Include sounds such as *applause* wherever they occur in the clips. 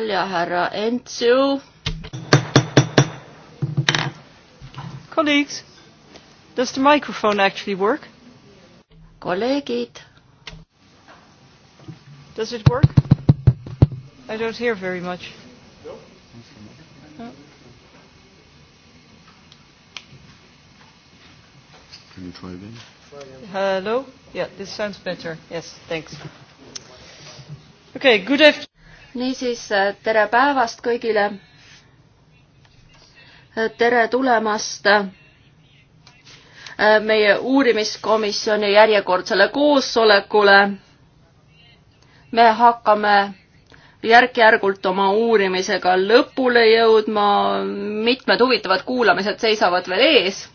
ja härra Entsu. Colleagues, does the microphone actually work? kolleegid. Does it work? I don't hear very much. No. Can you try again? Hello? Yeah, this sounds better. Yes, thanks. Okay, good afternoon niisiis, tere päevast kõigile. tere tulemast äh, meie uurimiskomisjoni järjekordsele koosolekule. me hakkame järk-järgult oma uurimisega lõpule jõudma, mitmed huvitavad kuulamised seisavad veel ees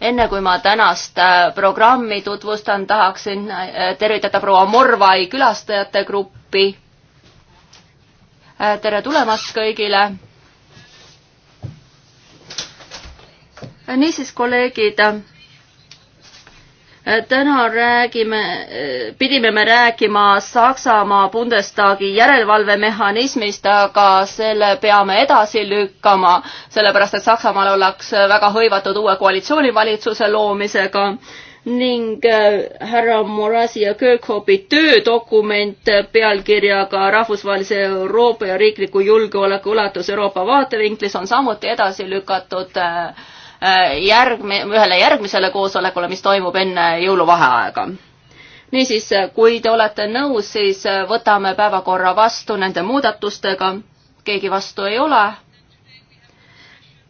enne kui ma tänast äh, programmi tutvustan, tahaksin äh, tervitada proua Morvai külastajate gruppi. Äh, tere tulemast kõigile. niisiis, kolleegid Äh, täna räägime, äh, pidime me rääkima Saksamaa Bundestagi järelevalvemehhanismist, aga selle peame edasi lükkama, sellepärast et Saksamaal ollakse äh, väga hõivatud uue koalitsioonivalitsuse loomisega ning härra Morasi ja Kirkhopi töödokument pealkirjaga Rahvusvahelise Euroopa ja riikliku julgeoleku ulatus Euroopa vaatevinklis on samuti edasi lükatud äh, Äh, järgmi-, ühele järgmisele koosolekule, mis toimub enne jõuluvaheaega. niisiis, äh, kui te olete nõus, siis äh, võtame päevakorra vastu nende muudatustega. keegi vastu ei ole?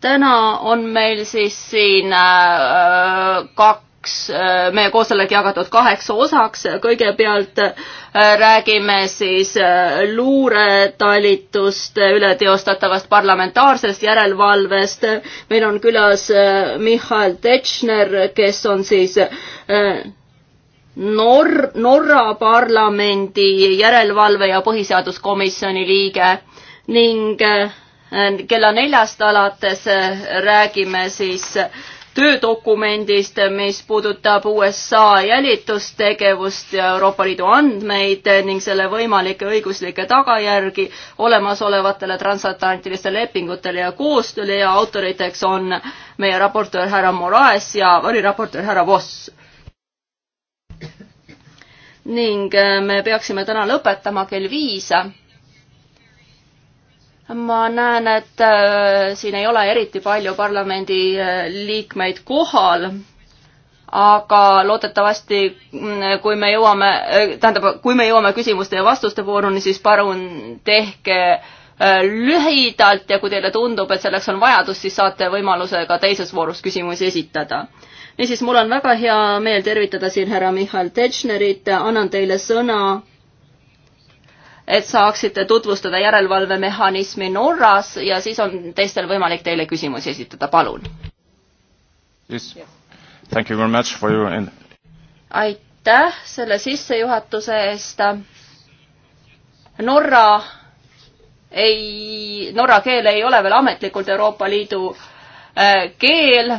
täna on meil siis siin äh, kaks kaks, äh, meie koosolek jagatud kaheks osaks, kõigepealt äh, räägime siis äh, luuretalituste üle teostatavast parlamentaarsest järelevalvest. meil on külas Mihhail Tetšner, kes on siis Nor-, Norra parlamendi järelevalve- ja põhiseaduskomisjoni liige ning kella neljast alates räägime siis äh, töödokumendist, mis puudutab USA jälitustegevust ja Euroopa Liidu andmeid ning selle võimalikke õiguslikke tagajärgi olemasolevatele transatlantilistele lepingutele ja koostööle ja autoriteks on meie raportöör härra Moraes ja variraportöör härra Voss ning äh, me peaksime täna lõpetama kell viis ma näen, et äh, siin ei ole eriti palju parlamendi äh, liikmeid kohal, aga loodetavasti, mm, kui me jõuame, äh, tähendab, kui me jõuame küsimuste ja vastuste vooruni, siis palun tehke lühidalt ja kui teile tundub, et selleks on vajadus, siis saate võimaluse ka teises voorus küsimusi esitada. niisiis, mul on väga hea meel tervitada siin härra Michal Tetšnerit, annan teile sõna et saaksite tutvustada järelevalvemehhanismi Norras ja siis on teistel võimalik teile küsimusi esitada, palun yes.. And... aitäh selle sissejuhatuse eest. Norra ei, norra keel ei ole veel ametlikult Euroopa Liidu äh, keel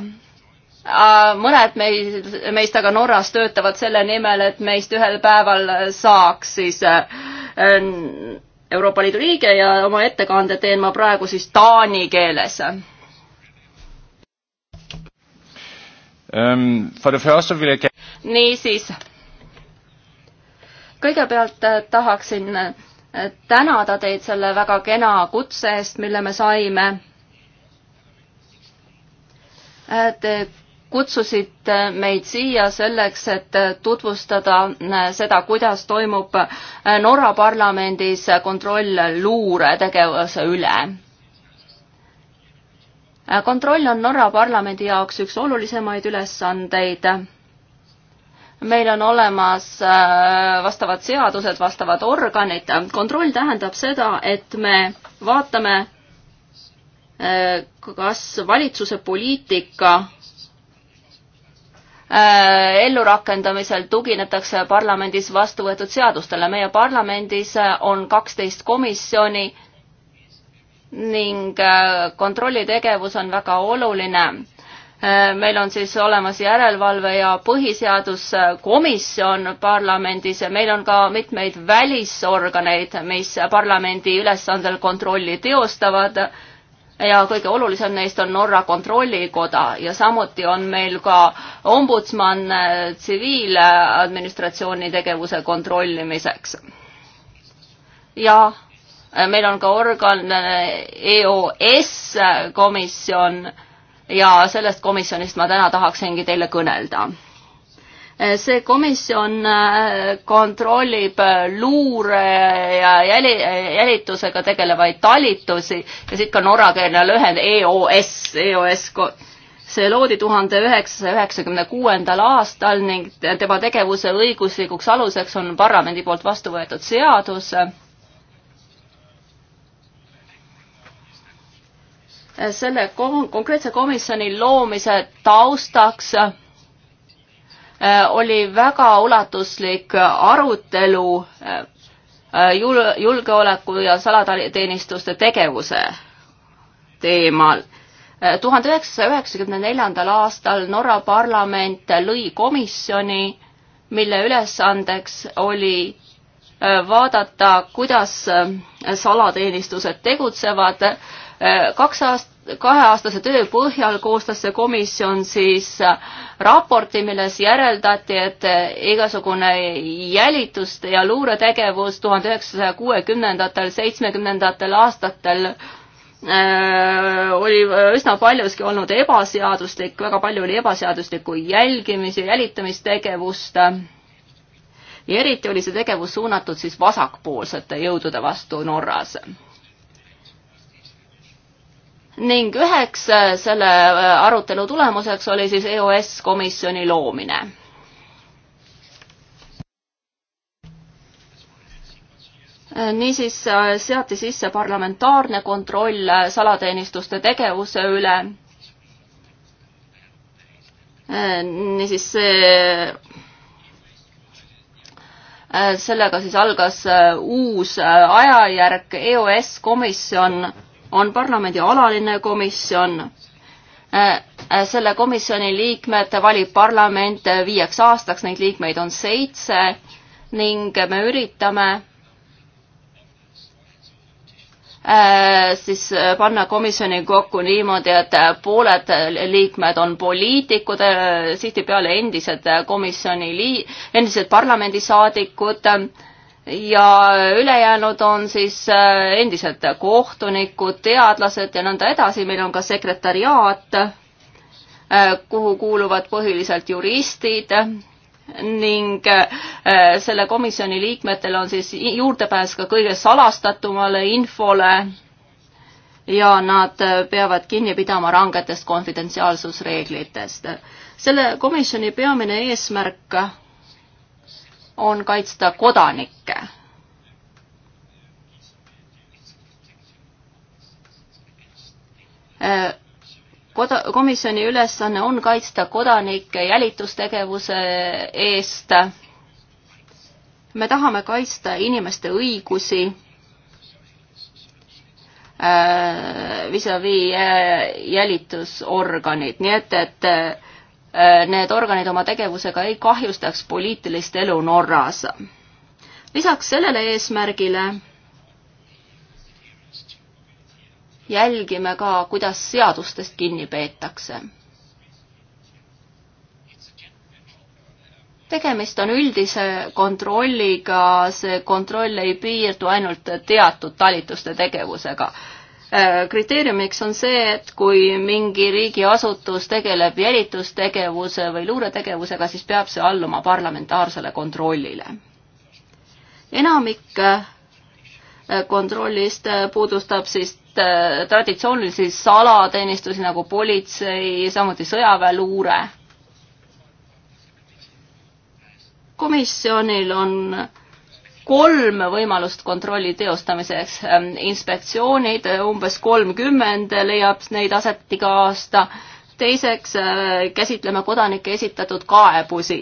Äh, mõned meist, meist aga Norras töötavad selle nimel, et meist ühel päeval saaks siis äh, Euroopa Liidu liige ja oma ettekande teen ma praegu siis taani keeles um,. Ähm, like... niisiis, kõigepealt äh, tahaksin tänada teid selle väga kena kutse eest, mille me saime et kutsusite meid siia selleks, et tutvustada äh, seda, kuidas toimub äh, Norra parlamendis kontroll luuretegevuse üle. Äh, kontroll on Norra parlamendi jaoks üks olulisemaid ülesandeid meil on olemas vastavad seadused, vastavad organid. kontroll tähendab seda, et me vaatame, kas valitsuse poliitika Äh, ellurakendamisel tuginetakse parlamendis vastu võetud seadustele. meie parlamendis äh, on kaksteist komisjoni ning äh, kontrollitegevus on väga oluline. meil on siis olemas järelevalve ja põhiseaduskomisjon parlamendis ja meil on ka mitmeid välisorganeid, mis parlamendi ülesandel kontrolli teostavad ja kõige olulisem neist on Norra kontrollikoda ja samuti on meil ka ombudsman äh, tsiviiladministratsiooni tegevuse kontrollimiseks. ja äh, meil on ka organ äh, EOS komisjon ja sellest komisjonist ma täna tahaksingi teile kõnelda Eh, see komisjon eh, kontrollib eh, luure ja jäli, jälitusega tegelevaid talitusi ja siit ka norrakeelne lühend EOS, EOS see loodi tuhande üheksasaja üheksakümne kuuendal aastal ning tema tegevuse õiguslikuks aluseks on parlamendi poolt vastu võetud seadus. selle konkreetse komisjoni loomise taustaks Äh, oli väga ulatuslik arutelu äh, julgeoleku ja salateenistuste tegevuse teemal. Äh, tuhande üheksasaja üheksakümne neljandal aastal Norra parlament lõi komisjoni, mille ülesandeks oli vaadata, kuidas salateenistused tegutsevad. kaks aast-, aast-, kaheaastase töö põhjal koostas see komisjon siis äh, raporti, milles järeldati, et äh, igasugune jälitus- ja luuretegevus tuhande üheksasaja kuuekümnendatel, seitsmekümnendatel aastatel äh, oli üsna paljuski olnud ebaseaduslik, väga palju oli ebaseaduslikku jälgimis- ja jälitamistegevust. ja eriti oli see tegevus suunatud siis vasakpoolsete jõudude vastu Norras ning üheks äh, selle äh, arutelu tulemuseks oli siis EOS komisjoni loomine. Äh, niisiis seati sisse parlamentaarne kontroll salateenistuste tegevuse üle. niisiis see sellega siis algas uus ajajärk, EOS komisjon on parlamendi alaline komisjon. Äh, äh, selle komisjoni liikmed valib parlament viieks aastaks, neid liikmeid on seitse ning me üritame äh, siis panna komisjoni kokku niimoodi, et pooled liikmed on poliitikud, tihtipeale endised komisjoni lii-, endised parlamendisaadikud ja ülejäänud on siis äh, endiselt kohtunikud, teadlased ja nõnda edasi, meil on ka sekretariaat, äh, kuhu kuuluvad põhiliselt juristid ning äh, selle komisjoni liikmetel on siis juurdepääs ka kõige salastatumale infole ja nad peavad kinni pidama rangetest konfidentsiaalsusreeglitest. selle komisjoni peamine eesmärk on kaitsta kodanikke. Koda-, komisjoni ülesanne on kaitsta kodanikke jälitustegevuse eest. me tahame kaitsta inimeste õigusi äh, vis-a-vis -vis äh, jälitusorganid, nii et, et äh, Äh, need organid oma tegevusega ei kahjustaks poliitilist elu Norras. lisaks sellele eesmärgile jälgime ka, kuidas seadustest kinni peetakse. tegemist on üldise kontrolliga, see kontroll ei piirdu ainult teatud talituste tegevusega. Äh, kriteeriumiks on see, et kui mingi riigiasutus tegeleb jälitustegevuse või luuretegevusega, siis peab see alluma parlamentaarsele kontrollile. enamik äh, kontrollist äh, puudustab siis traditsioonilisi salateenistusi nagu politsei, samuti sõjaväeluure. komisjonil on kolm võimalust kontrolli teostamiseks. Ähm, inspektsioonid äh, umbes kolmkümmend leiab neid aset iga aasta. teiseks äh, käsitleme kodanike esitatud kaebusi.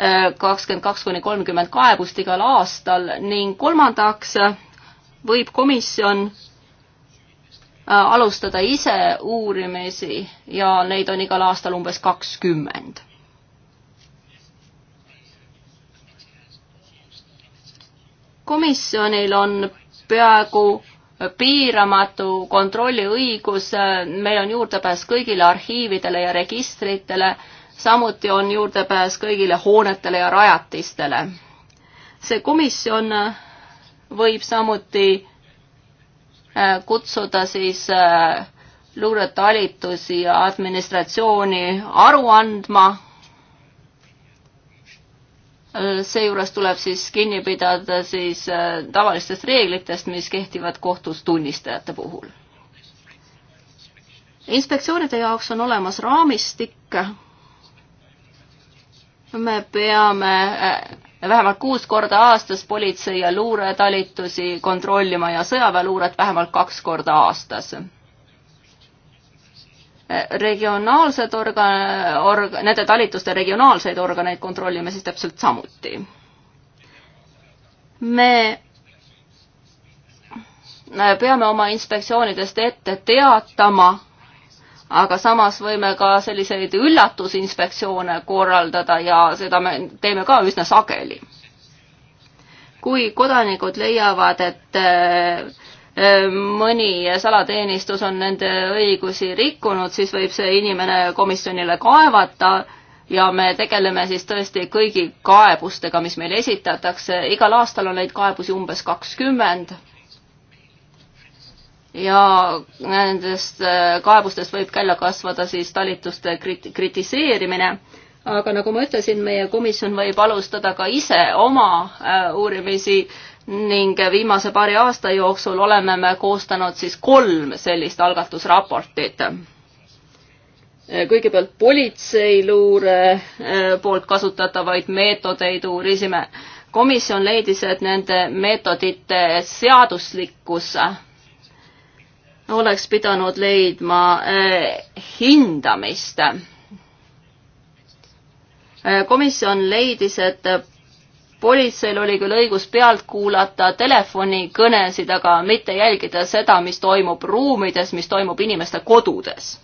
Äh, kakskümmend kaks kuni kolmkümmend kaebust igal aastal ning kolmandaks võib komisjon alustada ise uurimisi ja neid on igal aastal umbes kakskümmend komisjonil on peaaegu piiramatu kontrolliõigus, meil on juurdepääs kõigile arhiividele ja registritele, samuti on juurdepääs kõigile hoonetele ja rajatistele. see komisjon võib samuti äh, kutsuda siis äh, luuretalitusi ja administratsiooni aru andma Äh, seejuures tuleb siis kinni pidada siis äh, tavalistest reeglitest, mis kehtivad kohtus tunnistajate puhul. inspektsioonide jaoks on olemas raamistik. me peame äh, vähemalt kuus korda aastas politsei ja luuretalitusi kontrollima ja sõjaväeluuret vähemalt kaks korda aastas regionaalsed organ-, org-, nende talituste regionaalseid organeid kontrollime siis täpselt samuti. me peame oma inspektsioonidest ette teatama, aga samas võime ka selliseid üllatusinspektsioone korraldada ja seda me teeme ka üsna sageli. kui kodanikud leiavad, et Ehm, mõni salateenistus on nende õigusi rikkunud, siis võib see inimene komisjonile kaevata ja me tegeleme siis tõesti kõigi kaebustega, mis meile esitatakse, igal aastal on neid kaebusi umbes kakskümmend. ja nendest äh, kaebustest võib välja kasvada siis talituste krit-, kritiseerimine, aga nagu ma ütlesin, meie komisjon võib alustada ka ise oma äh, uurimisi äh, ning viimase paari aasta jooksul oleme me koostanud siis kolm sellist algatusraportit. kõigepealt politseiluure eh, poolt kasutatavaid meetodeid uurisime. komisjon leidis, et nende meetodite seaduslikkus oleks pidanud leidma eh, hindamist. Eh, komisjon leidis, et politseil oli küll õigus pealt kuulata telefonikõnesid, aga mitte jälgida seda, mis toimub ruumides, mis toimub inimeste kodudes.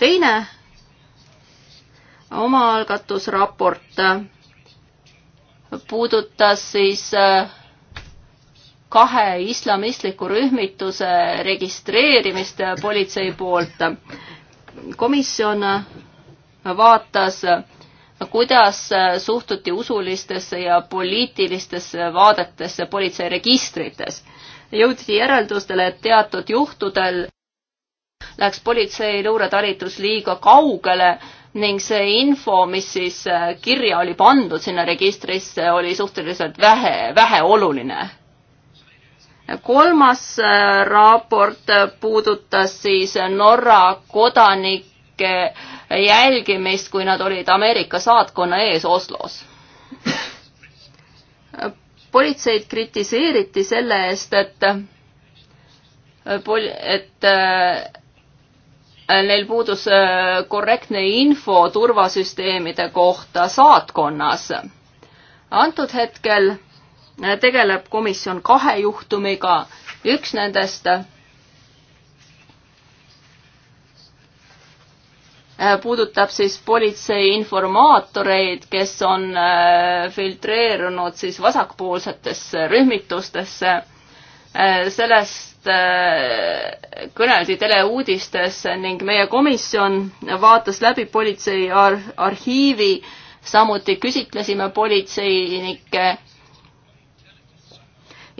teine omaalgatusraport puudutas siis äh, kahe islamistliku rühmituse registreerimist politsei poolt. komisjon vaatas kuidas äh, suhtuti usulistesse ja poliitilistesse vaadetesse politseiregistrites. jõuti järeldustele, et teatud juhtudel läks politsei luuretalitus liiga kaugele ning see info, mis siis äh, kirja oli pandud sinna registrisse, oli suhteliselt vähe, väheoluline. kolmas äh, raport puudutas siis Norra kodanike jälgimist, kui nad olid Ameerika saatkonna ees Oslos. politseid kritiseeriti selle eest, et pol-, et neil puudus korrektne info turvasüsteemide kohta saatkonnas. antud hetkel tegeleb komisjon kahe juhtumiga, üks nendest Äh, puudutab siis politsei informaatoreid, kes on äh, filtreerunud siis vasakpoolsetesse rühmitustesse. Äh, sellest kõneldi teleuudistes ning meie komisjon vaatas läbi politsei ar arhiivi, samuti küsitlesime politseinikke.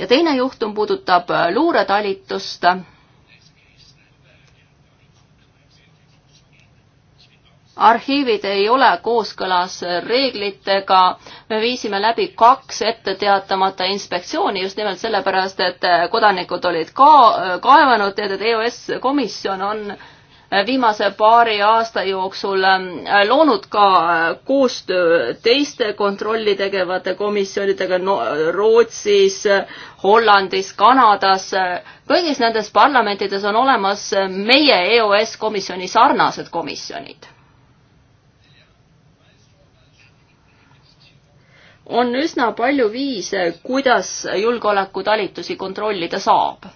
ja teine juhtum puudutab luuretalitust arhiivid ei ole kooskõlas reeglitega, me viisime läbi kaks ette teatamata inspektsiooni just nimelt sellepärast, et kodanikud olid ka kaevanud, tead, et EOS komisjon on viimase paari aasta jooksul ähm, loonud ka äh, koostöö teiste kontrolli tegevate komisjonidega no, Rootsis, Hollandis, Kanadas. kõigis nendes parlamentides on olemas meie EOS komisjoni sarnased komisjonid on üsna palju viise, kuidas julgeolekutalitusi kontrollida saab.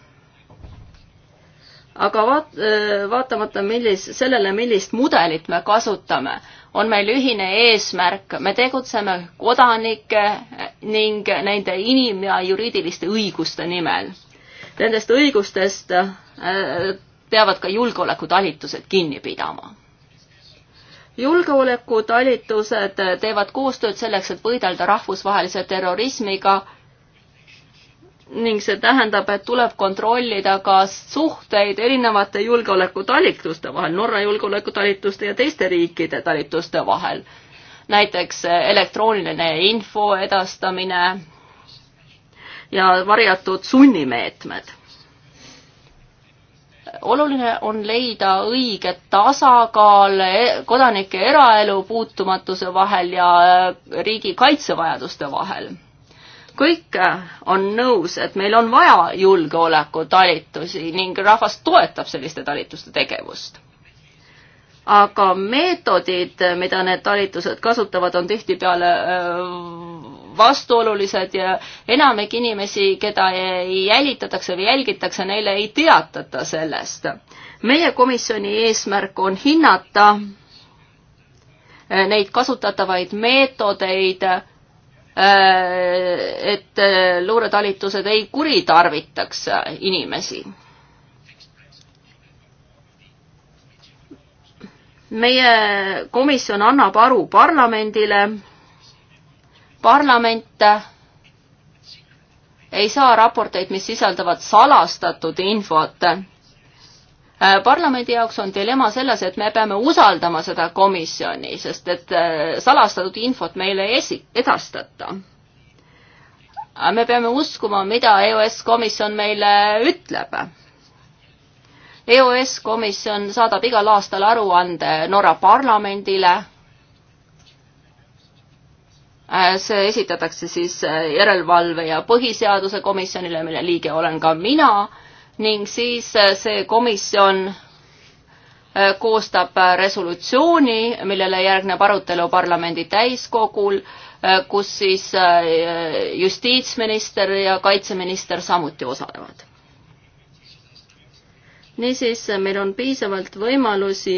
aga vaat-, äh, vaatamata millis-, sellele, millist mudelit me kasutame, on meil ühine eesmärk, me tegutseme kodanike ning nende inim- ja juriidiliste õiguste nimel. Nendest õigustest äh, peavad ka julgeolekutalitused kinni pidama julgeolekutalitused teevad koostööd selleks, et võidelda rahvusvahelise terrorismiga ning see tähendab, et tuleb kontrollida ka suhteid erinevate julgeolekutalituste vahel, Norra julgeolekutalituste ja teiste riikide talituste vahel. näiteks elektrooniline info edastamine ja varjatud sunnimeetmed oluline on leida õige tasakaal e-, kodanike eraelu puutumatuse vahel ja äh, riigi kaitsevajaduste vahel. kõik äh, on nõus, et meil on vaja julgeolekutalitusi ning rahvas toetab selliste talituste tegevust. aga meetodid, mida need talitused kasutavad, on tihtipeale äh, vastuolulised ja enamik inimesi, keda jälitatakse või jälgitakse, neile ei teatata sellest. meie komisjoni eesmärk on hinnata eh, neid kasutatavaid meetodeid, eh, et eh, luuretalitused ei kuritarvitaks inimesi. meie komisjon annab aru parlamendile parlament ei saa raporteid, mis sisaldavad salastatud infot. Äh, parlamendi jaoks on dilemma selles, et me peame usaldama seda komisjoni, sest et äh, salastatud infot meile ei esi-, edastata. Äh, me peame uskuma, mida EOS komisjon meile ütleb. EOS komisjon saadab igal aastal aruande Norra parlamendile Äh, see esitatakse siis äh, järelevalve ja põhiseaduse komisjonile, mille liige olen ka mina ning siis äh, see komisjon koostab resolutsiooni, millele järgneb arutelu parlamendi täiskogul, kus siis justiitsminister ja kaitseminister samuti osalevad. niisiis, meil on piisavalt võimalusi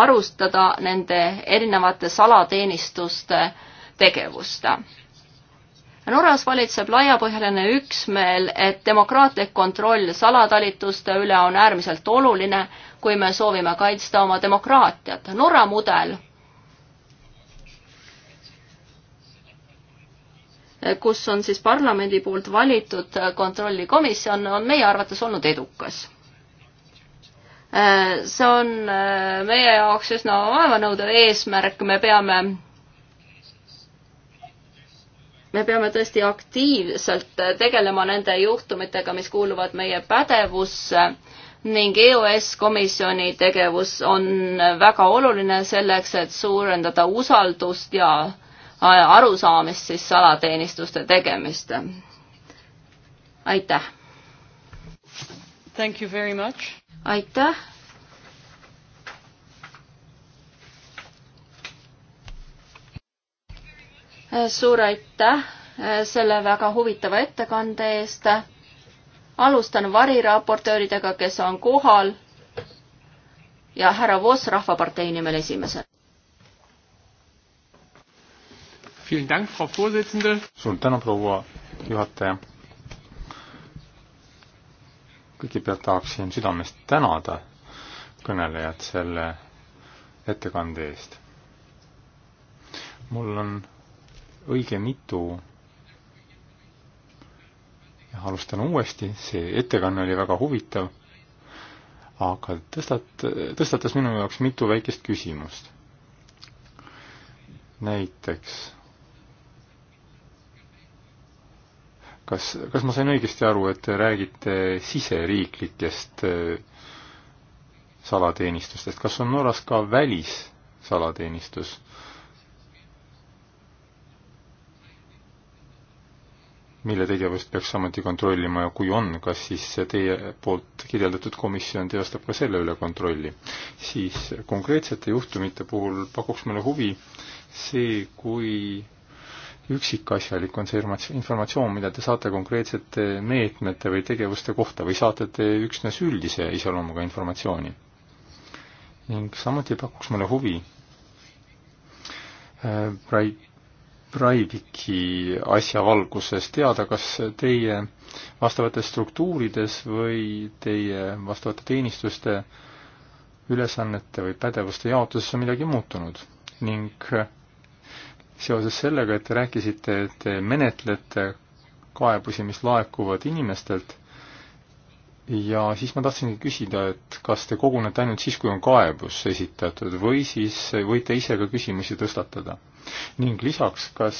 arustada nende erinevate salateenistuste äh, tegevust. Norras valitseb laiapõhjaline üksmeel, et demokraatlik kontroll salatalituste üle on äärmiselt oluline, kui me soovime kaitsta oma demokraatiat. Norra mudel, kus on siis parlamendi poolt valitud kontrollikomisjon, on meie arvates olnud edukas see on meie jaoks üsna vaevanõudev eesmärk, me peame me peame tõesti aktiivselt tegelema nende juhtumitega, mis kuuluvad meie pädevusse ning EOS komisjoni tegevus on väga oluline selleks, et suurendada usaldust ja arusaamist siis salateenistuste tegemist. aitäh! aitäh! suur aitäh eh, selle väga huvitava ettekande eest. alustan variraportööridega, kes on kohal. ja härra Voss Rahvapartei nimel esimesena. suur tänu, proua juhataja. kõigepealt tahaksin südamest tänada kõnelejat selle ettekande eest. mul on õige mitu ja alustan uuesti, see ettekanne oli väga huvitav, aga tõstat-, tõstatas minu jaoks mitu väikest küsimust. näiteks, kas, kas ma sain õigesti aru, et te räägite siseriiklikest äh, salateenistustest, kas on Norras ka välissalateenistus? mille tegevust peaks samuti kontrollima ja kui on, kas siis teie poolt kirjeldatud komisjon teostab ka selle üle kontrolli. siis konkreetsete juhtumite puhul pakuks mulle huvi see, kui üksikasjalik on see informatsioon, mida te saate konkreetsete meetmete või tegevuste kohta või saate te üksnes üldise iseloomuga informatsiooni? ning samuti pakuks mulle huvi äh, Breiviki asja valguses teada, kas teie vastavates struktuurides või teie vastavate teenistuste ülesannete või pädevuste jaotuses on midagi muutunud ning seoses sellega, et te rääkisite, et te menetlete kaebusi, mis laekuvad inimestelt, ja siis ma tahtsingi küsida, et kas te kogunete ainult siis, kui on kaebus esitatud või siis võite ise ka küsimusi tõstatada? ning lisaks, kas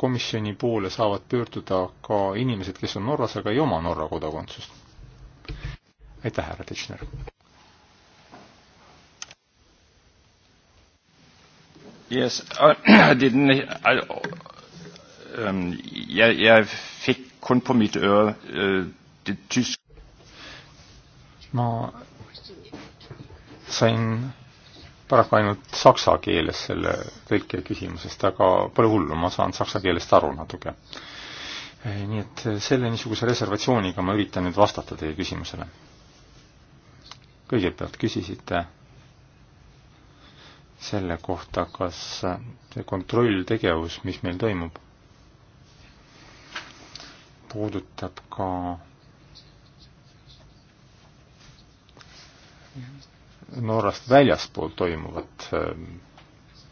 komisjoni poole saavad pöörduda ka inimesed, kes on Norras, aga ei oma Norra kodakondsust? aitäh, härra Tetšner! Yes, *clears throat* I didn't I, um, jeg, jeg fikk kun på mitt øre uh, det tysk ma sain paraku ainult saksa keeles selle tõlke küsimusest, aga pole hullu, ma saan saksa keelest aru natuke. Eh, nii et selle niisuguse reservatsiooniga ma üritan nüüd vastata teie küsimusele. kõigepealt küsisite selle kohta, kas see kontrolltegevus, mis meil toimub, puudutab ka Norrast väljaspool toimuvat äh,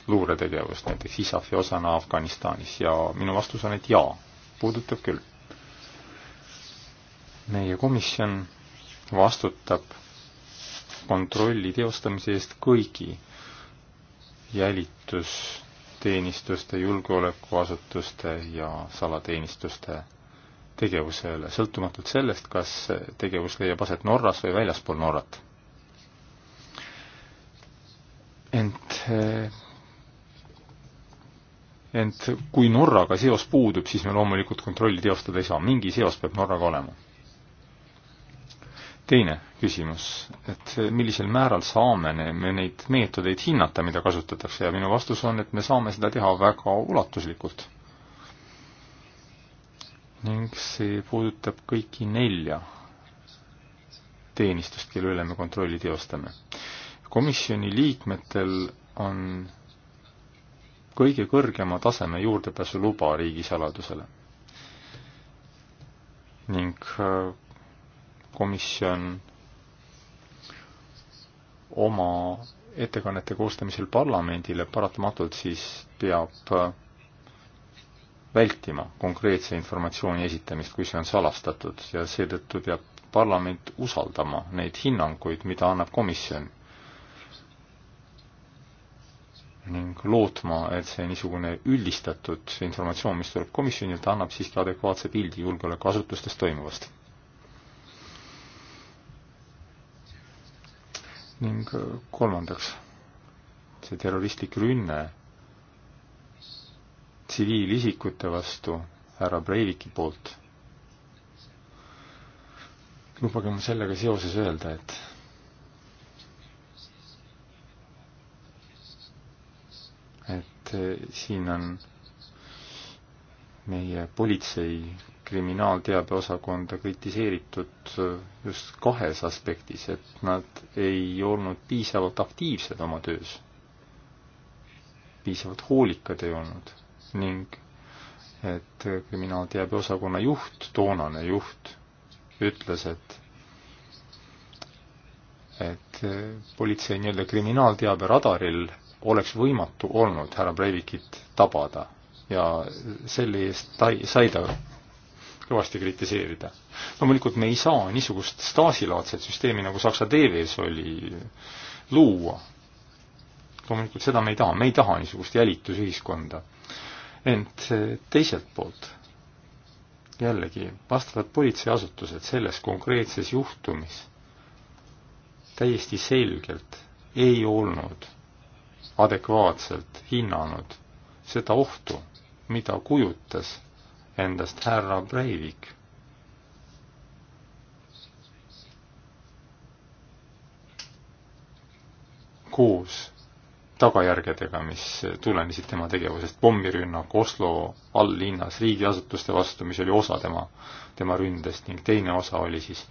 luuretegevust, näiteks ISAF-i osana Afganistanis ja minu vastus on, et jaa, puudutab küll. meie komisjon vastutab kontrolli teostamise eest kõigi jälitusteenistuste, julgeolekuasutuste ja salateenistuste tegevuse üle, sõltumatult sellest, kas tegevus leiab aset Norras või väljaspool Norrat ent, eh, ent kui Norraga seos puudub, siis me loomulikult kontrolli teostada ei saa, mingi seos peab Norraga olema. teine küsimus, et millisel määral saame me neid meetodeid hinnata, mida kasutatakse ja minu vastus on, et me saame seda teha väga ulatuslikult ning see puudutab kõiki nelja teenistust, kelle üle me kontrolli teostame komisjoni liikmetel on kõige kõrgema taseme juurdepääsuluba riigisaladusele. ning äh, komisjon oma ettekannete koostamisel parlamendile paratamatult siis peab äh, vältima konkreetse informatsiooni esitamist, kui see on salastatud ja seetõttu peab parlament usaldama neid hinnanguid, mida annab komisjon ning lootma, et see niisugune üldistatud informatsioon, mis tuleb komisjonilt, annab siiski adekvaatse pildi julgeolekuasutustes toimuvast. ning äh, kolmandaks, see terroristlik rünne tsiviilisikute vastu härra Breiviki poolt. lubage mul sellega seoses öelda, et et eh, siin on meie politsei kriminaalteabeosakonda kritiseeritud eh, just kahes aspektis, et nad ei olnud piisavalt aktiivsed oma töös, piisavalt hoolikad ei olnud ning et eh, kriminaalteabeosakonna juht, toonane juht, ütles, et et politsei nii-öelda kriminaalteaberadaril oleks võimatu olnud härra Breivikit tabada ja selle eest sai, sai ta kõvasti kritiseerida. loomulikult me ei saa niisugust staasilaadset süsteemi, nagu Saksa TV-s oli, luua. loomulikult seda me ei taha, me ei taha niisugust jälitusühiskonda. ent eh, teiselt poolt jällegi, vastavad politseiasutused selles konkreetses juhtumis täiesti selgelt ei olnud adekvaatselt hinnanud seda ohtu, mida kujutas endast härra Breivik. koos tagajärgedega, mis tulenesid tema tegevusest, pommirünnak Oslo alllinnas riigiasutuste vastu, mis oli osa tema, tema ründest ning teine osa oli siis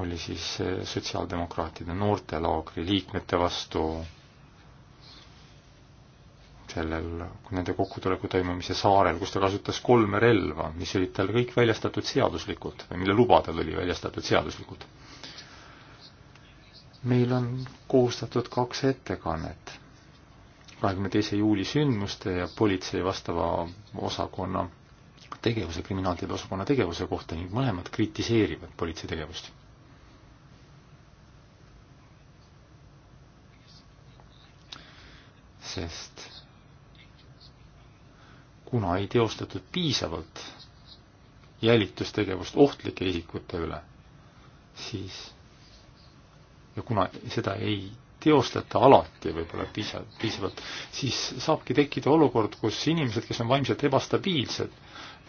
oli siis sotsiaaldemokraatide noortelaagri liikmete vastu sellel, nende kokkutuleku toimumise saarel, kus ta kasutas kolme relva, mis olid tal kõik väljastatud seaduslikult või mille luba tal oli väljastatud seaduslikult. meil on koostatud kaks ettekannet kahekümne teise juuli sündmuste ja politsei vastava osakonna tegevuse, kriminaalteede osakonna tegevuse kohta ning mõlemad kritiseerivad politsei tegevust sest kuna ei teostatud piisavalt jälitustegevust ohtlike isikute üle, siis ja kuna seda ei teostata alati võib-olla piisavalt, piisavalt, siis saabki tekkida olukord, kus inimesed, kes on vaimselt ebastabiilsed,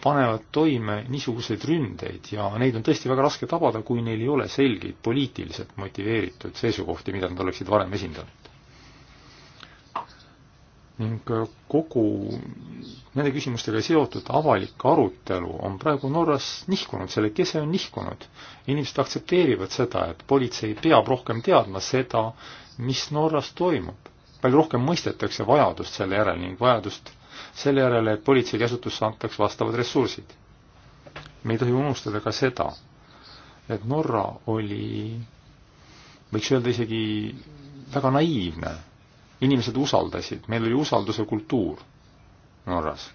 panevad toime niisuguseid ründeid ja neid on tõesti väga raske tabada, kui neil ei ole selgeid poliitiliselt motiveeritud seisukohti, mida nad oleksid varem esindanud ning kogu nende küsimustega seotud avalik arutelu on praegu Norras nihkunud, selle kese on nihkunud. inimesed aktsepteerivad seda, et politsei peab rohkem teadma seda, mis Norras toimub. palju rohkem mõistetakse vajadust selle järele ning vajadust selle järele, et politsei käsutusse antaks vastavad ressursid. me ei tohi unustada ka seda, et Norra oli, võiks öelda isegi väga naiivne inimesed usaldasid, meil oli usalduse kultuur Norras.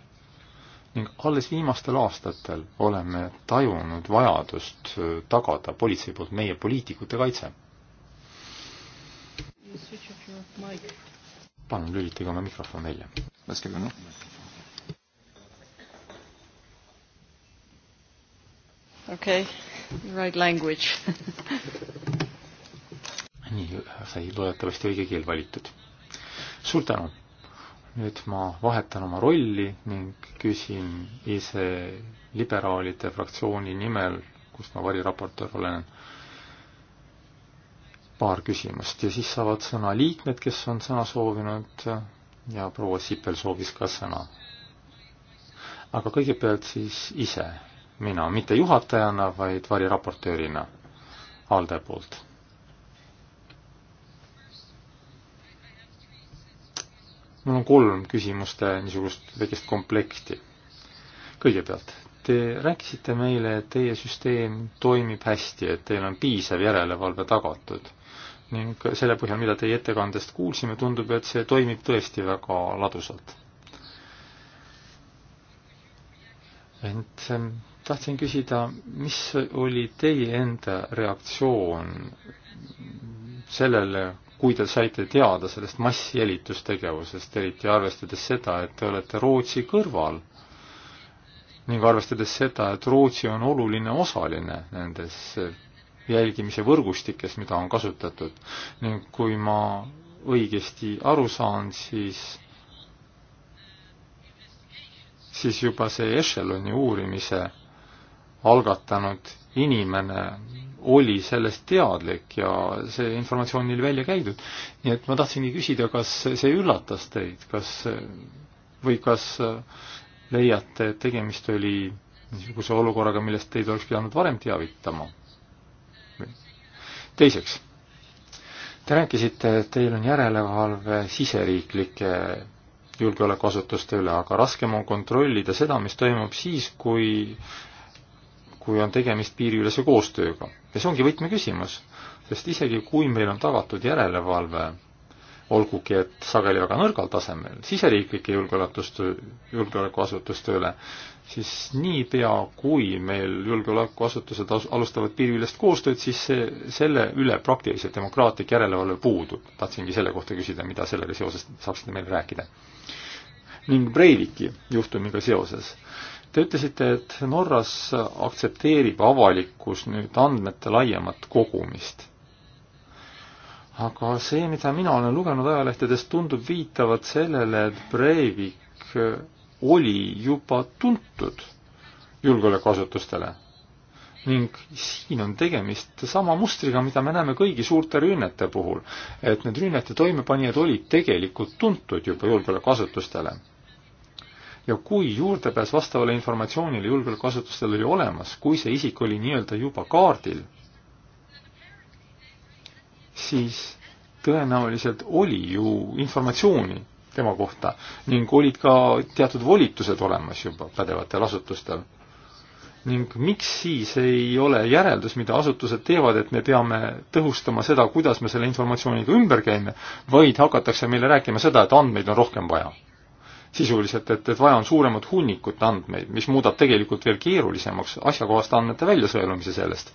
ning alles viimastel aastatel oleme tajunud vajadust äh, tagada politsei poolt meie poliitikute kaitse. palun lülitage oma mikrofon välja. laske ka noh. okei okay., right language nii sai loodetavasti õige keel valitud suur tänu! nüüd ma vahetan oma rolli ning küsin ise liberaalide fraktsiooni nimel, kus ma variraportöör olen, paar küsimust ja siis saavad sõna liikmed, kes on sõna soovinud ja proua Sipel soovis ka sõna. aga kõigepealt siis ise, mina, mitte juhatajana, vaid variraportöörina ALDE poolt mul on kolm küsimuste niisugust väikest komplekti. kõigepealt, te rääkisite meile, et teie süsteem toimib hästi, et teil on piisav järelevalve tagatud ning selle põhjal, mida teie ettekandest kuulsime, tundub, et see toimib tõesti väga ladusalt. ent ähm, tahtsin küsida, mis oli teie enda reaktsioon sellele, kui te saite teada sellest massijälitustegevusest, eriti arvestades seda, et te olete Rootsi kõrval ning arvestades seda, et Rootsi on oluline osaline nendes jälgimise võrgustikes, mida on kasutatud ning kui ma õigesti aru saan, siis siis juba see Echeloni uurimise algatanud inimene oli sellest teadlik ja see informatsioon oli välja käidud. nii et ma tahtsingi küsida, kas see üllatas teid, kas või kas äh, leiate, et tegemist oli niisuguse olukorraga, millest teid oleks pidanud varem teavitama? teiseks, te rääkisite, et teil on järelevalve siseriiklike julgeolekuasutuste üle, aga raskem on kontrollida seda, mis toimub siis, kui kui on tegemist piiriülese koostööga. ja see ongi võtmeküsimus, sest isegi kui meil on tagatud järelevalve, olgugi et sageli väga nõrgal tasemel, siseriiklike julgeolekustöö, julgeolekuasutuste üle, siis niipea, kui meil julgeolekuasutused alustavad piiriülest koostööd, siis see, selle üle praktiliselt demokraatlik järelevalve puudub. tahtsingi selle kohta küsida, mida sellega seoses saaksite meile rääkida. ning Breiviki juhtumiga seoses Te ütlesite, et Norras aktsepteerib avalikkus nüüd andmete laiemat kogumist. aga see, mida mina olen lugenud ajalehtedest, tundub viitavat sellele, et Breivik oli juba tuntud julgeolekuasutustele. ning siin on tegemist sama mustriga, mida me näeme kõigi suurte rünnete puhul, et need rünnete toimepanijad olid tegelikult tuntud juba julgeolekuasutustele ja kui juurdepääs vastavale informatsioonile julgeolekuasutustel oli olemas, kui see isik oli nii-öelda juba kaardil, siis tõenäoliselt oli ju informatsiooni tema kohta ning olid ka teatud volitused olemas juba pädevatel asutustel. ning miks siis ei ole järeldus, mida asutused teevad, et me peame tõhustama seda, kuidas me selle informatsiooniga ümber käime, vaid hakatakse meile rääkima seda, et andmeid on rohkem vaja sisuliselt, et, et vaja on suuremat hunnikut andmeid, mis muudab tegelikult veel keerulisemaks asjakohaste andmete väljasõelumise sellest.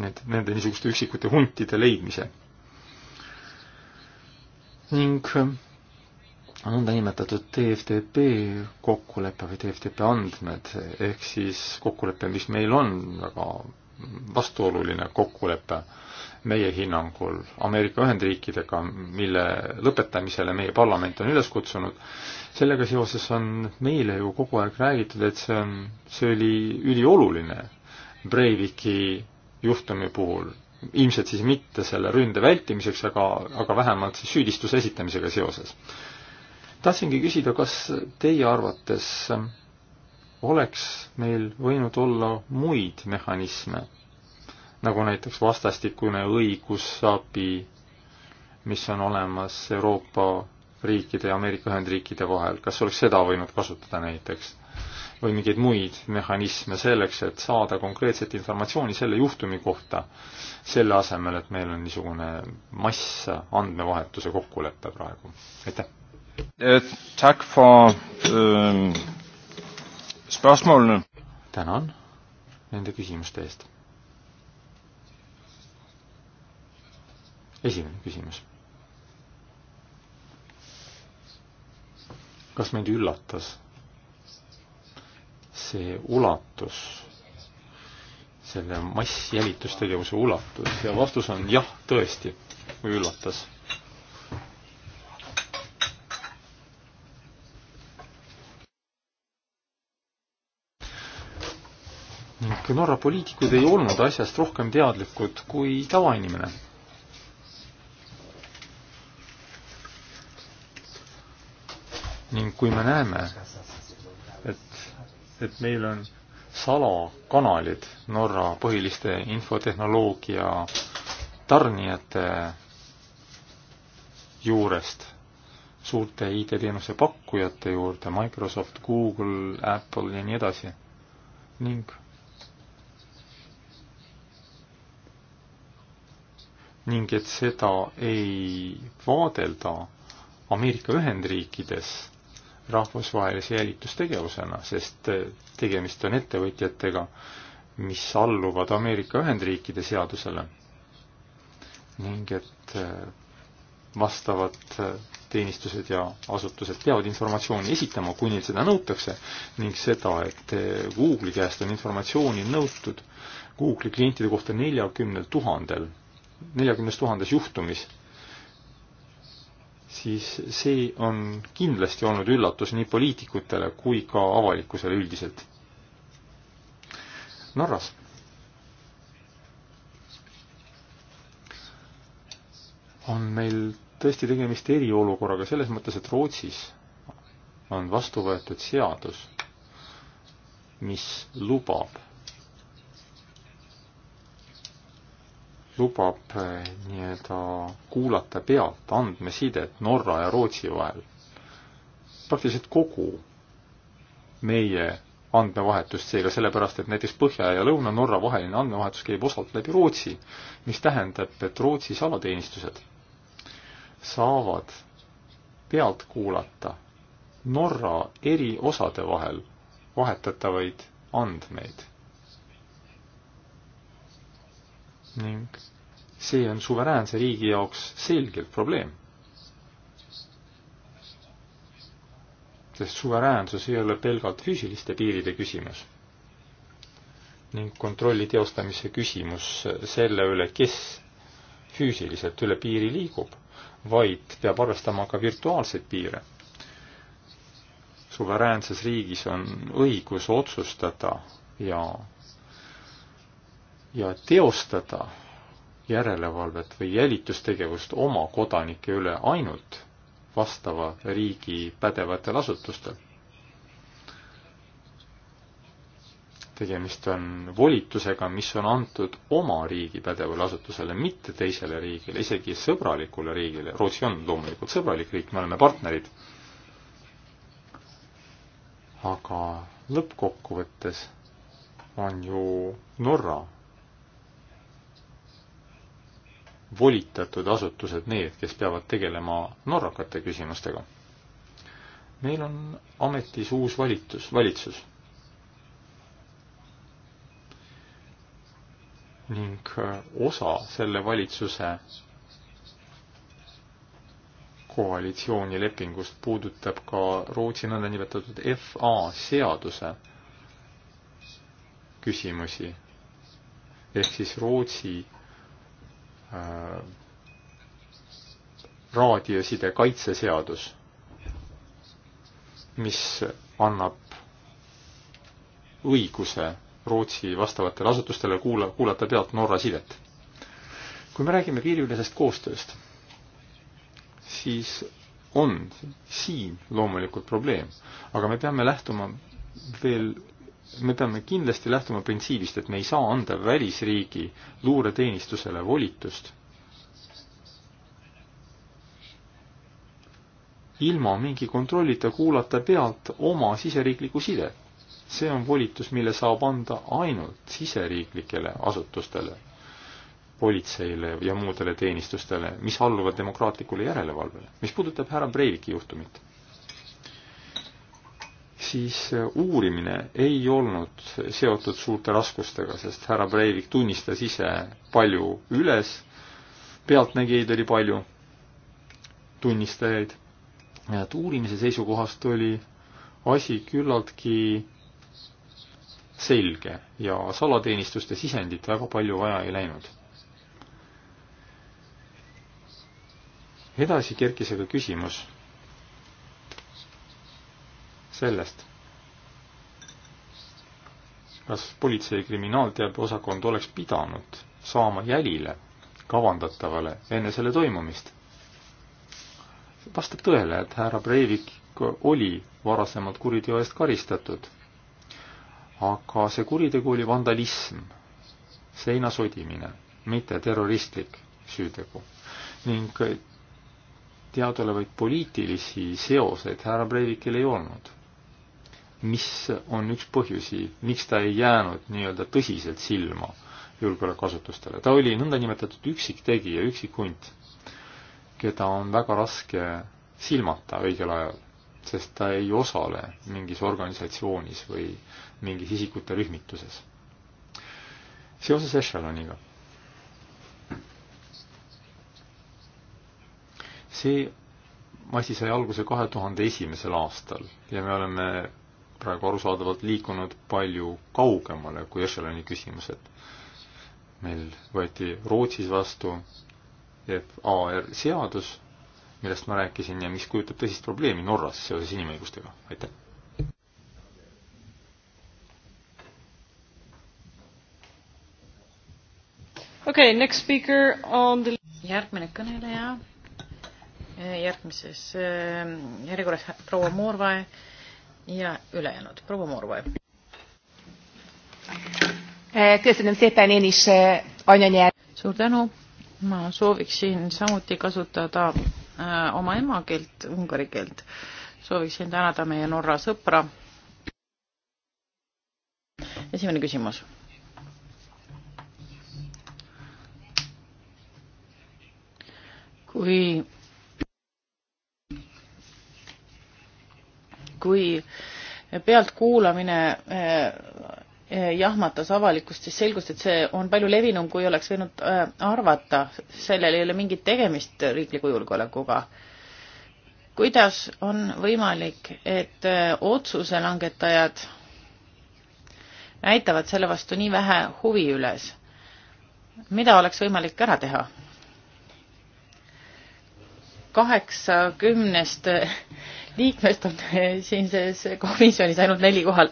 Need, nende niisuguste üksikute huntide leidmise. ning ähm, nõndanimetatud TFTP kokkulepe või TFTP andmed, ehk siis kokkulepe, mis meil on, väga vastuoluline kokkulepe äh, meie hinnangul Ameerika Ühendriikidega, mille lõpetamisele meie parlament on üles kutsunud, sellega seoses on meile ju kogu aeg räägitud, et see on, see oli ülioluline Breiviki juhtumi puhul. ilmselt siis mitte selle ründe vältimiseks, aga, aga vähemalt siis süüdistuse esitamisega seoses. tahtsingi küsida, kas teie arvates oleks meil võinud olla muid mehhanisme nagu näiteks vastastikune õigusabi, mis on olemas Euroopa riikide ja Ameerika Ühendriikide vahel, kas oleks seda võinud kasutada näiteks? või mingeid muid mehhanisme selleks, et saada konkreetset informatsiooni selle juhtumi kohta, selle asemel, et meil on niisugune mass andmevahetuse kokkulepe praegu, aitäh! Eh, Tack för ähm, eh, spörsmålen. Tänan nende küsimuste eest esimene küsimus. kas meid üllatas see ulatus, selle massjälitustegevuse ulatus ja vastus on jah, tõesti, üllatas Norra poliitikud ei olnud asjast rohkem teadlikud kui tavainimene ning kui me näeme, et, et meil on salakanalid Norra põhiliste infotehnoloogia tarnijate juurest suurte IT-teenuse pakkujate juurde, Microsoft, Google, Apple ja nii edasi ning ning et seda ei vaadelda Ameerika Ühendriikides rahvusvahelise jälitustegevusena, sest eh, tegemist on ettevõtjatega, mis alluvad Ameerika Ühendriikide seadusele ning et eh, vastavad eh, teenistused ja asutused peavad informatsiooni esitama, kui neil seda nõutakse ning seda, et Google'i käest on informatsiooni nõutud Google'i klientide kohta neljakümnel tuhandel, neljakümnes tuhandes juhtumis siis see on kindlasti olnud üllatus nii poliitikutele kui ka avalikkusele üldiselt. Norras on meil tõesti tegemist eriolukorraga selles mõttes, et Rootsis on vastu võetud seadus, mis lubab lubab eh, nii-öelda kuulata pealt andmesidet Norra ja Rootsi vahel. praktiliselt kogu meie andmevahetust seega, sellepärast et näiteks Põhja ja Lõuna-Norra vaheline andmevahetus käib osalt läbi Rootsi, mis tähendab, et Rootsi salateenistused saavad pealt kuulata Norra eri osade vahel vahetatavaid andmeid ning see on suveräänse riigi jaoks selgelt probleem. sest suveräänsus ei ole pelgalt füüsiliste piiride küsimus ning kontrolli teostamise küsimus selle üle, kes füüsiliselt üle piiri liigub, vaid peab arvestama ka virtuaalseid piire. suveräänses riigis on õigus otsustada ja ja teostada järelevalvet või jälitustegevust oma kodanike üle ainult vastava riigi pädevatel asutustel. tegemist on volitusega, mis on antud oma riigi pädevale asutusele, mitte teisele riigile, isegi sõbralikule riigile. Rootsi on loomulikult sõbralik riik, me oleme partnerid. aga lõppkokkuvõttes on ju Norra volitatud asutused need, kes peavad tegelema norrakate küsimustega. meil on ametis uus valitus, valitsus. ning äh, osa selle valitsuse koalitsioonilepingust puudutab ka Rootsi nõndanimetatud FA seaduse küsimusi ehk siis Rootsi Äh, raadioside kaitseseadus, mis annab õiguse Rootsi vastavatele asutustele kuula, kuulata pealt Norra sidet. kui me räägime piiriülesest koostööst, siis on siin loomulikult probleem, aga me peame lähtuma veel me peame kindlasti lähtuma printsiibist, et me ei saa anda välisriigi luureteenistusele volitust ilma mingi kontrollita kuulata pealt oma siseriiklikku sidet. see on volitus, mille saab anda ainult siseriiklikele asutustele, politseile ja muudele teenistustele, mis alluvad demokraatlikule järelevalvele. mis puudutab härra Breiviki juhtumit siis äh, uurimine ei olnud seotud suurte raskustega, sest härra Breivik tunnistas ise palju üles, pealtnägijaid oli palju, tunnistajaid, et uurimise seisukohast oli asi küllaltki selge ja salateenistuste sisendit väga palju vaja ei läinud. edasi kerkis aga küsimus sellest, kas politsei kriminaalteabeosakond oleks pidanud saama jälile kavandatavale enne selle toimumist. vastab tõele, et härra Breivik oli varasemalt kuriteo eest karistatud, aga see kuritegu oli vandalism, seina sodimine, mitte terroristlik süütegu ning teadaolevaid poliitilisi seoseid härra Breivikil ei olnud mis on üks põhjusi, miks ta ei jäänud nii-öelda tõsiselt silma julgeolekuasutustele. ta oli nõndanimetatud üksiktegija, üksikunt, keda on väga raske silmata õigel ajal, sest ta ei osale mingis organisatsioonis või mingis isikute rühmituses. seoses Echeloniga. see asi sai alguse kahe tuhande esimesel aastal ja me oleme praegu arusaadavalt liikunud palju kaugemale kui ešeloni küsimused. meil võeti Rootsis vastu FAR seadus, millest ma rääkisin ja mis kujutab tõsist probleemi Norras seoses inimõigustega, aitäh. okei okay,, next speaker on the järgmine kõneleja eh, järgmises eh, järjekorras proua Moorvae ja ülejäänud. proua Morvai. Eh, eh, suur tänu. ma sooviksin samuti kasutada eh, oma emakeelt, ungari keelt. sooviksin tänada meie Norra sõpra. esimene küsimus kui kui pealtkuulamine eh, eh, jahmatas avalikkust, siis selgus, et see on palju levinum, kui oleks võinud eh, arvata. sellel ei ole mingit tegemist riikliku julgeolekuga. kuidas on võimalik, et otsuse langetajad näitavad selle vastu nii vähe huvi üles? mida oleks võimalik ära teha? kaheksakümnest liikmest on *laughs* siinses komisjonis ainult neli kohal.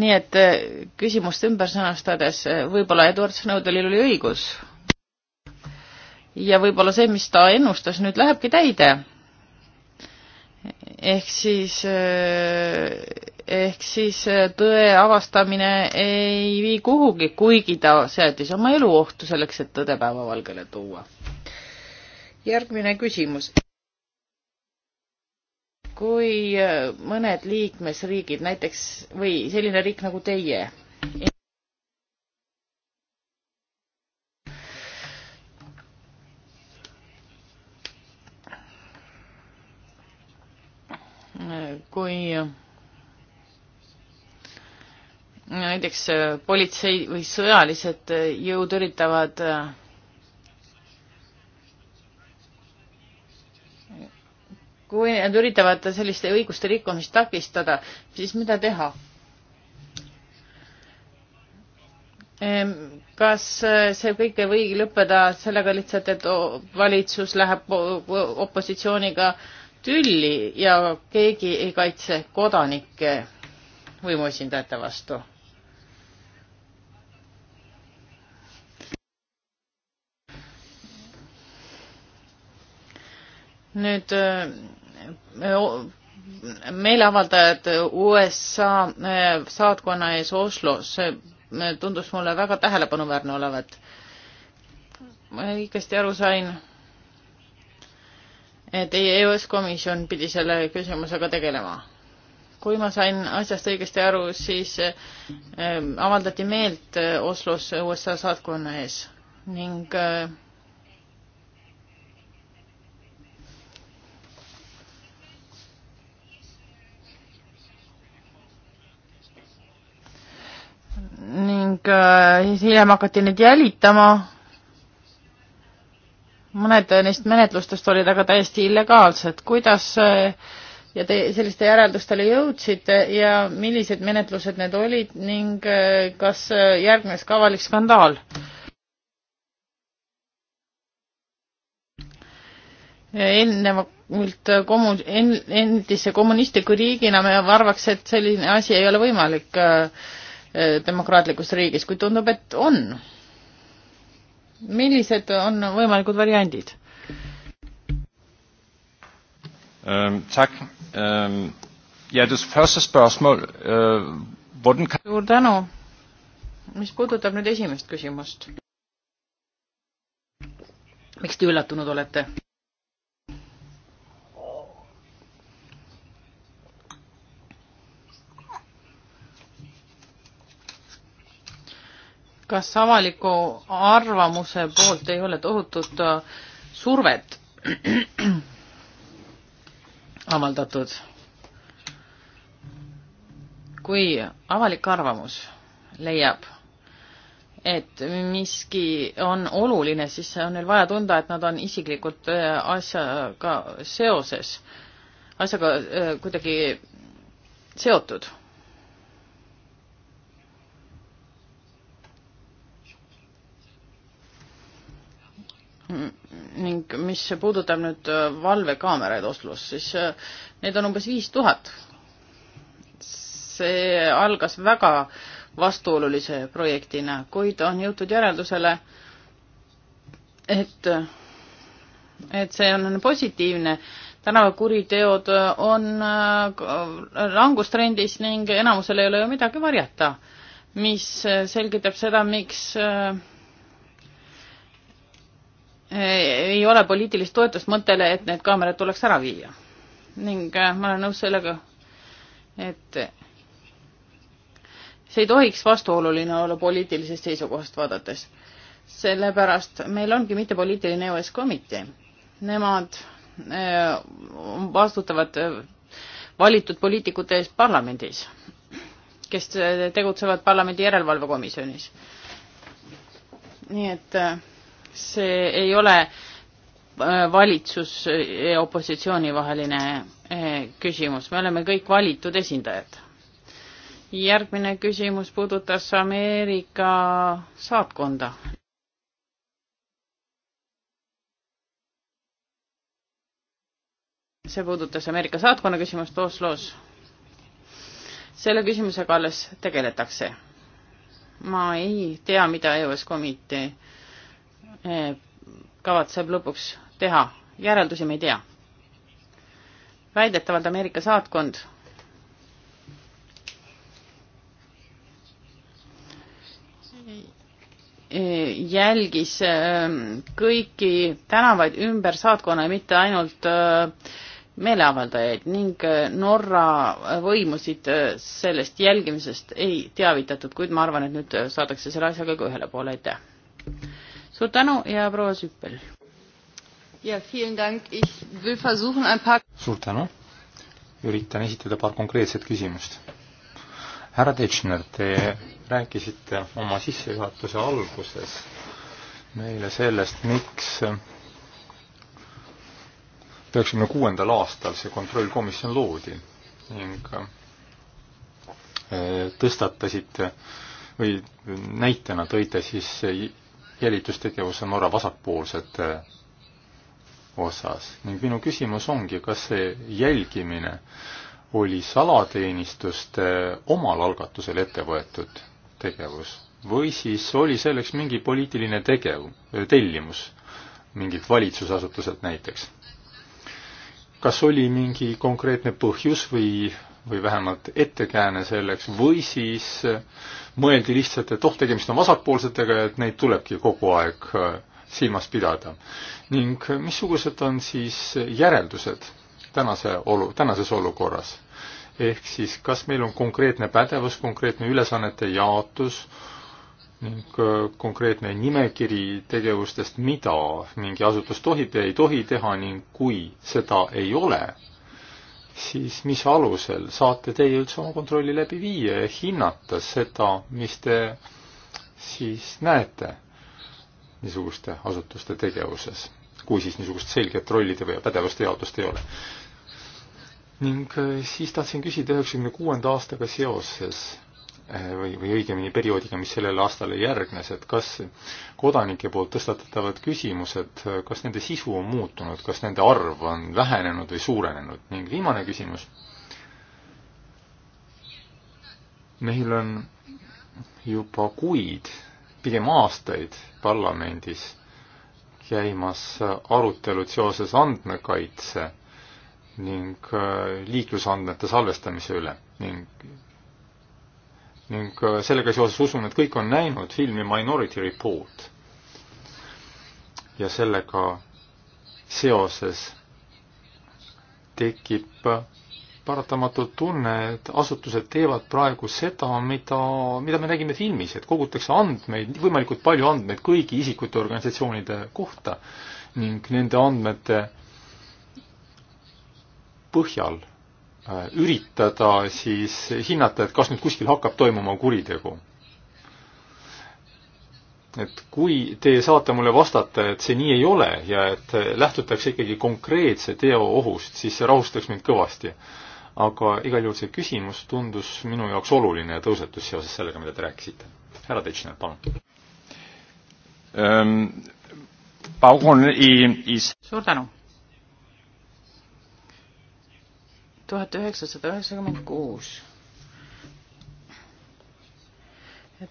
nii et äh, küsimust ümber sõnastades äh, võib-olla Eduard Snowdenil oli õigus. ja võib-olla see, mis ta ennustas, nüüd lähebki täide. ehk siis, äh, ehk siis tõe avastamine ei vii kuhugi, kuigi ta seadis oma elu ohtu selleks, et tõde päevavalgele tuua järgmine küsimus. kui äh, mõned liikmesriigid näiteks või selline riik nagu teie kui näiteks äh, politsei või sõjalised äh, jõud üritavad kui nad üritavad selliste õiguste rikkumist takistada, siis mida teha? Ehm, kas äh, see kõik ei või lõppeda sellega lihtsalt, et valitsus läheb opositsiooniga tülli ja keegi ei kaitse kodanikke võimuesindajate vastu? nüüd äh, meeleavaldajad USA äh, saatkonna ees Oslos, äh, tundus mulle väga tähelepanuväärne olevat. ma õigesti aru sain, teie EOS komisjon pidi selle küsimusega tegelema. kui ma sain asjast õigesti aru, siis äh, avaldati meelt Oslos USA saatkonna ees ning äh, ning äh, hiljem hakati neid jälitama. mõned neist menetlustest olid aga täiesti illegaalsed. kuidas äh, ja te selliste järeldustele jõudsite ja millised menetlused need olid ning äh, kas järgnes ka avalik skandaal? eelnevalt kommun-, endise kommunistliku riigina me arvaks, et selline asi ei ole võimalik Eh, demokraatlikus riigis, kuid tundub, et on. millised on võimalikud variandid? Øh, suur tänu. mis puudutab nüüd esimest küsimust? miks te üllatunud olete? kas avaliku arvamuse poolt ei ole tohutut äh, survet *clears throat* avaldatud? kui avalik arvamus leiab, et miski on oluline, siis on neil vaja tunda, et nad on isiklikult äh, asjaga seoses, asjaga äh, kuidagi seotud ning mis puudutab nüüd äh, valvekaameraid Oslos, siis äh, neid on umbes viis tuhat. see algas väga vastuolulise projektina, kuid on jõutud järeldusele, et, et see on positiivne. tänavakuriteod on äh, langustrendis ning enamusel ei ole ju midagi varjata, mis selgitab seda, miks äh, ei ole poliitilist toetust mõttele, et need kaamerad tuleks ära viia. ning äh, ma olen nõus sellega, et see ei tohiks vastuoluline olla poliitilisest seisukohast vaadates. sellepärast meil ongi mittepoliitiline EOS komitee. Nemad äh, vastutavad äh, valitud poliitikute eest parlamendis, kes tegutsevad parlamendi järelevalvekomisjonis. nii et äh, see ei ole äh, valitsus ja opositsiooni vaheline äh, küsimus, me oleme kõik valitud esindajad. järgmine küsimus puudutas Ameerika saatkonda. see puudutas Ameerika saatkonna küsimust Oslos. selle küsimusega alles tegeletakse. ma ei tea, mida EOS komitee Eh, kavatseb lõpuks teha, järeldusi me ei tea. väidetavalt Ameerika saatkond jälgis eh, kõiki tänavaid ümber saatkonna ja mitte ainult eh, meeleavaldajaid ning Norra võimusid sellest jälgimisest ei teavitatud, kuid ma arvan, et nüüd saadakse selle asjaga ka ühele poole, aitäh suur tänu ja proua Süppel! suur tänu! üritan esitada paar konkreetset küsimust. härra Tetšner, te rääkisite oma sissejuhatuse alguses meile sellest, miks üheksakümne kuuendal aastal see kontrollkomisjon loodi ning eh, tõstatasite või näitena tõite siis jälitustegevuse Norra vasakpoolsete eh, osas ning minu küsimus ongi, kas see jälgimine oli salateenistuste eh, omal algatusel ette võetud tegevus või siis oli selleks mingi poliitiline tegev, eh, tellimus mingilt valitsusasutuselt näiteks? kas oli mingi konkreetne põhjus või või vähemalt ettekääne selleks, või siis mõeldi lihtsalt, et oh, tegemist on vasakpoolsetega ja et neid tulebki kogu aeg äh, silmas pidada. ning äh, missugused on siis järeldused tänase olu, tänases olukorras? ehk siis kas meil on konkreetne pädevus, konkreetne ülesannete jaotus ning äh, konkreetne nimekiri tegevustest, mida mingi asutus tohib ja ei tohi teha ning kui seda ei ole, siis mis alusel saate teie üldse oma kontrolli läbi viia ja hinnata seda, mis te siis näete niisuguste asutuste tegevuses, kui siis niisugust selget rollide või pädevuste jaotust ei ole? ning eh, siis tahtsin küsida üheksakümne kuuenda aastaga seoses Eh, või, või õigemini perioodiga, mis sellele aastale järgnes, et kas kodanike poolt tõstatatavad küsimused, kas nende sisu on muutunud, kas nende arv on vähenenud või suurenenud ning viimane küsimus. meil on juba kuid, pigem aastaid parlamendis käimas arutelud seoses andmekaitse ning äh, liiklusandmete salvestamise üle ning ning äh, sellega seoses usun, et kõik on näinud filmi Minority Report. ja sellega seoses tekib paratamatult tunne, et asutused teevad praegu seda, mida, mida me nägime filmis, et kogutakse andmeid, võimalikult palju andmeid kõigi isikute organisatsioonide kohta ning nende andmete põhjal Äh, üritada siis hinnata, et kas nüüd kuskil hakkab toimuma kuritegu. et kui te saate mulle vastata, et see nii ei ole ja et lähtutakse ikkagi konkreetse teo ohust, siis see rahustaks mind kõvasti. aga igal juhul see küsimus tundus minu jaoks oluline ja tõusetus seoses sellega, mida te rääkisite. härra Tetšner, palun ähm,. suur tänu tuhat üheksasada üheksakümmend kuus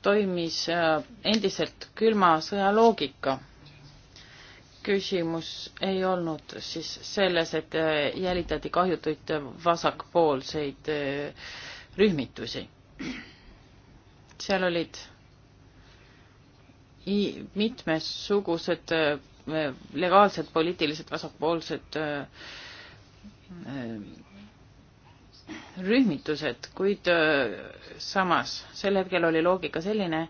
toimis äh, endiselt külma sõja loogika. küsimus ei olnud siis selles, et äh, jälitati kahjutuid vasakpoolseid äh, rühmitusi. seal olid mitmesugused legaalsed poliitilised vasakpoolsed rühmitused, kuid äh, samas sel hetkel oli loogika selline,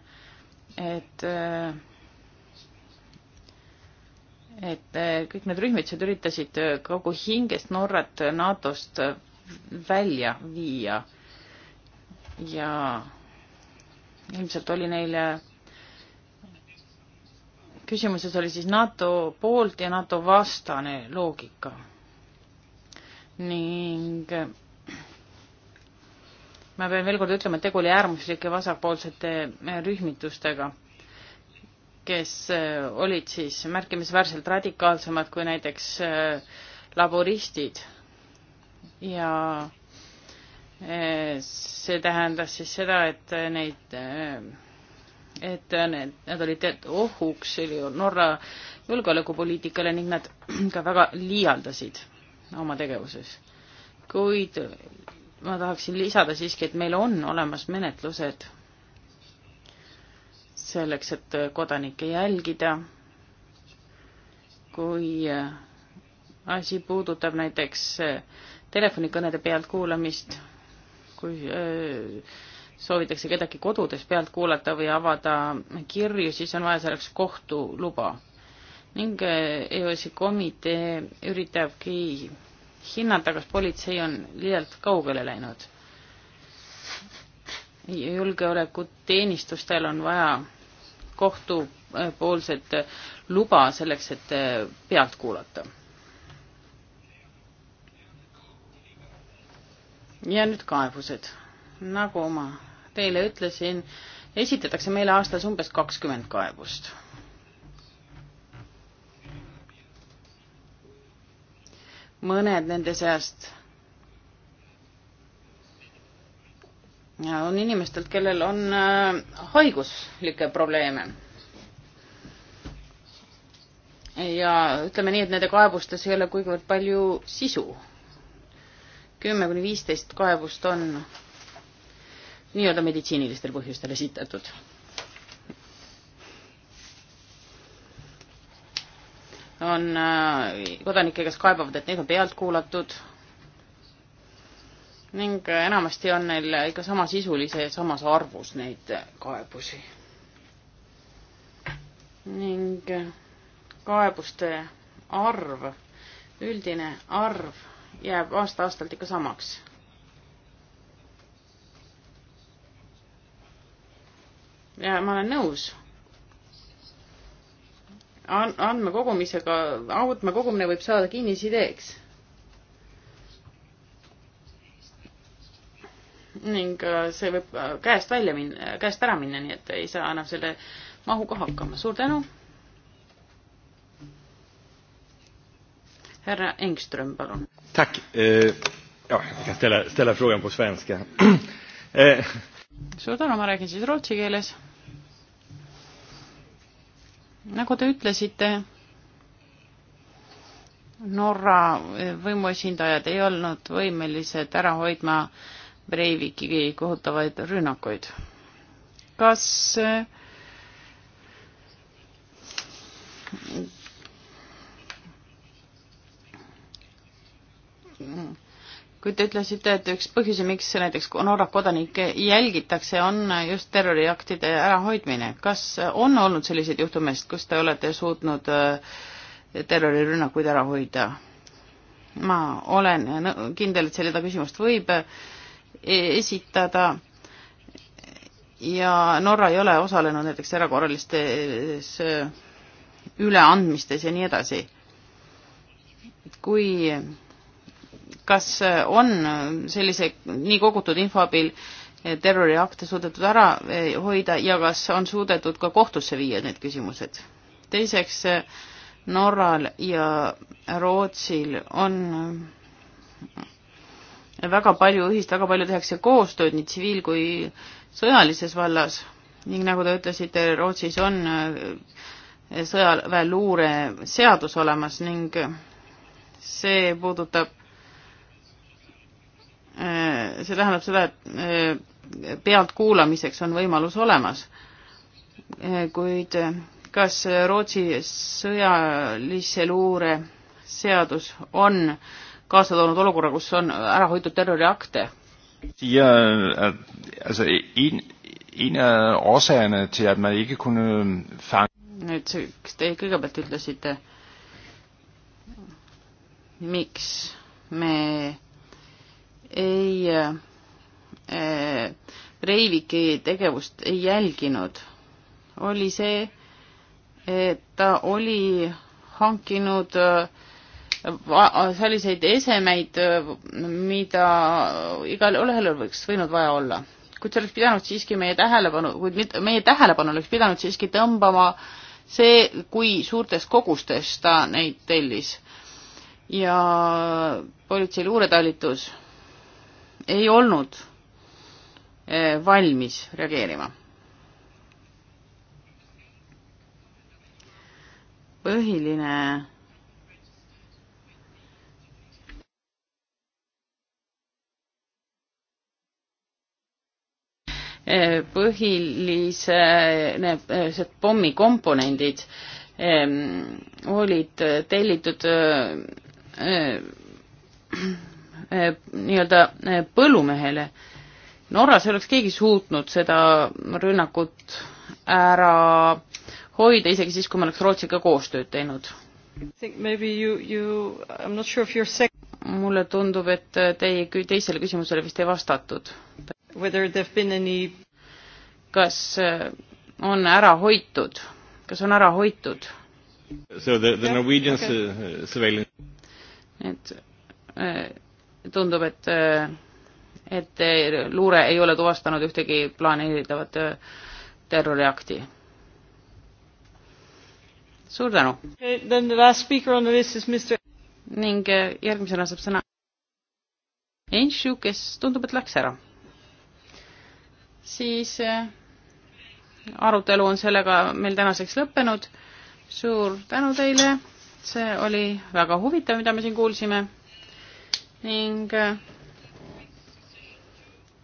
et äh, et äh, kõik need rühmitused üritasid kogu hingest Norrat NATO-st välja viia ja ilmselt oli neil küsimuses oli siis NATO poolt ja NATO vastane loogika ning ma pean veel kord ütlema, et tegu oli äärmuslike vasakpoolsete eh, rühmitustega, kes eh, olid siis märkimisväärselt radikaalsemad kui näiteks eh, laboristid ja see tähendas siis seda, et neid, et need, nad olid ohuks Norra julgeolekupoliitikale ning nad *clears throat* ka väga liialdasid oma tegevuses. kuid ma tahaksin lisada siiski, et meil on olemas menetlused selleks, et kodanikke jälgida. kui asi puudutab näiteks telefonikõnede pealtkuulamist, kui äh, soovitakse kedagi kodudes pealt kuulata või avada kirju, siis on vaja selleks kohtuluba ning äh, EOS-i komitee üritabki hinnata, kas politsei on liialt kaugele läinud. julgeolekuteenistustel on vaja kohtupoolset luba selleks, et pealt kuulata. ja nüüd kaebused. nagu ma teile ütlesin, esitatakse meile aastas umbes kakskümmend kaebust mõned nende seast ja on inimestelt, kellel on äh, haiguslikke probleeme. ja ütleme nii, et nende kaebustes ei ole kuigivõrd palju sisu. kümme kuni viisteist kaebust on nii-öelda meditsiinilistel põhjustel esitatud on äh, kodanikke, kes kaebavad, et neid on pealt kuulatud ning äh, enamasti on neil ikka samasisulise ja samas arvus neid äh, kaebusi. ning kaebuste arv, üldine arv jääb aasta-aastalt ikka samaks ja ma olen nõus, andmekogumisega, andmekogumine võib saada kinnisideeks. ning äh, see võib äh, käest välja minna, käest ära minna, nii et ei saa enam selle mahuga hakkama. suur tänu. härra Engström, palun. Tack. Eh, ja, jag kan ställa, ställa frågan på svenska. *clears throat* Eh. Suur tänu, ma räägin siis rootsi keeles nagu te ütlesite, Norra võimuesindajad ei olnud võimelised ära hoidma Breiviki kohutavaid rünnakuid. kas äh, kui te ütlesite, et üks põhjusi, miks näiteks Norra kodanikke jälgitakse, on just terroriaktide ärahoidmine. kas on olnud selliseid juhtumeid, kus te olete suutnud äh, terrorirünnakuid ära hoida? ma olen kindel, et seda küsimust võib e, esitada ja Norra ei ole osalenud näiteks erakorralistes äh, üleandmistes ja nii edasi. kui kas eh, on sellise nii kogutud info abil eh, terroriakte suudetud ära eh, hoida ja kas on suudetud ka kohtusse viia need küsimused. teiseks, Norral ja Rootsil on väga palju ühist, väga palju tehakse koostööd nii tsiviil kui sõjalises vallas ning nagu te ütlesite, Rootsis on sõjaväeluure seadus olemas ning see puudutab Äh, see tähendab seda, et äh, pealtkuulamiseks on võimalus olemas. Äh, kuid kas Rootsi sõjalise luure seadus on kaasa toonud olukorra, kus on ära hoitud terroriakte? ja, nüüd see, kas te kõigepealt ütlesite, miks me ei äh,, Breiviki tegevust ei jälginud, oli see, et eh, ta oli hankinud eh, selliseid esemeid, mida igalühel oleks võinud vaja olla. kuid see oleks pidanud siiski meie tähelepanu, kuid meie tähelepanu oleks pidanud siiski tõmbama see, kui suurtes kogustes ta neid tellis. ja politsei luuretalitus ei olnud eh, valmis reageerima. põhiline eh, põhiline, need eh, pommikomponendid olid tellitud Eh, nii-öelda eh, põllumehele. Norras ei oleks keegi suutnud seda rünnakut ära hoida, isegi siis, kui me oleks Rootsiga koostööd teinud. Sure mulle tundub, et teie teisele küsimusele vist ei vastatud. Any... kas eh, on ära hoitud, kas on ära hoitud? So the, the Norwegian yeah, okay. surveillance et tundub, et, et luure ei ole tuvastanud ühtegi planeeritavat terroriakti. suur tänu okay,! ning eh, järgmisena saab sõna Enšu, kes tundub, et läks ära. siis eh, arutelu on sellega meil tänaseks lõppenud. suur tänu teile, see oli väga huvitav, mida me siin kuulsime ning eh,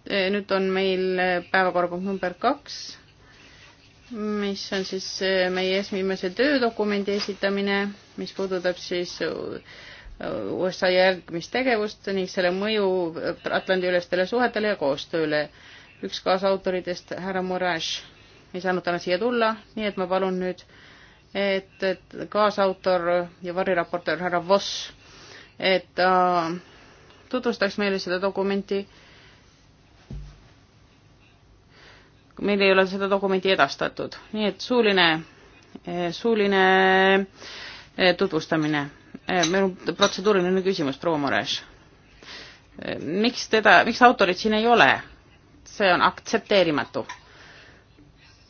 eh, nüüd on meil eh, päevakorrapunkt number kaks, mis on siis meie esimese töödokumendi esitamine, mis puudutab siis USA järgmist tegevust ning selle mõju Atlandi-ülestele suhetele ja koostööle. üks kaasautoritest, härra Moraš, ei saanud täna siia tulla, nii et ma palun nüüd, et, et kaasautor ja variraportöör härra Voss, et ta äh, tutvustaks meile seda dokumenti. meil ei ole seda dokumenti edastatud, nii et suuline, eh, suuline eh, tutvustamine. Eh, meil on protseduuriline küsimus, proua Mures. miks teda, miks autorit siin ei ole? see on aktsepteerimatu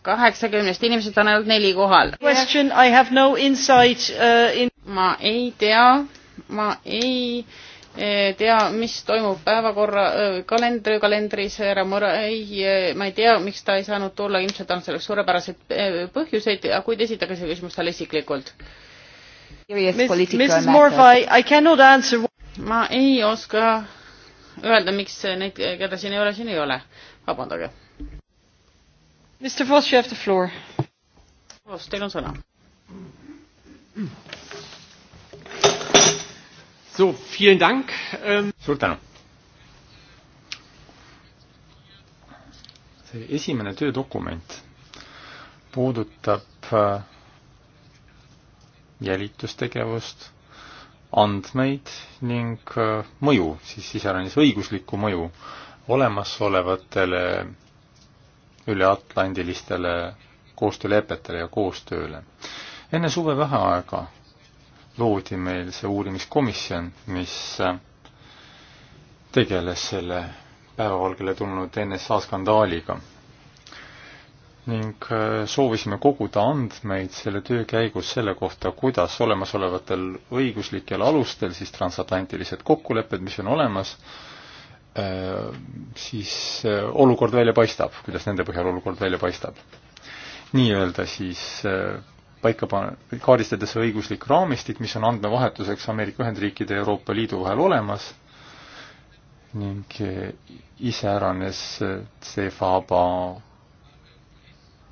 kaheksakümnest inimesest on ainult neli kohal. No uh, in... ma ei tea, ma ei Eh, tea, mis toimub päevakorra eh, kalendri, kalendris, härra Morai, eh, ma ei tea, miks ta ei saanud tulla, ilmselt on selleks suurepäraseid põhjuseid, kuid esitage see küsimus talle isiklikult. ma ei oska öelda, miks neid, keda siin ei ole, siin ei ole. vabandage. Mr Voss, you have the floor. Voss, teil on sõna. *clears throat* So, vielen Dank. Ähm... suur tänu. see esimene töödokument puudutab äh, jälitustegevust, andmeid ning äh, mõju, siis iseäranis õiguslikku mõju olemasolevatele üleatlandilistele koostöölepetele ja koostööle. enne suvevaheaega loodi meil see uurimiskomisjon, mis äh, tegeles selle päevavalgele tulnud NSA skandaaliga. ning äh, soovisime koguda andmeid selle töö käigus selle kohta, kuidas olemasolevatel õiguslikel alustel siis transatlantilised kokkulepped, mis on olemas, äh, siis olukord välja paistab, kuidas nende põhjal olukord välja paistab. nii-öelda siis paika pan-, kaardistada see õiguslik raamistik, mis on andmevahetuseks Ameerika Ühendriikide ja Euroopa Liidu vahel olemas ning eh, iseäranes eh, CFABA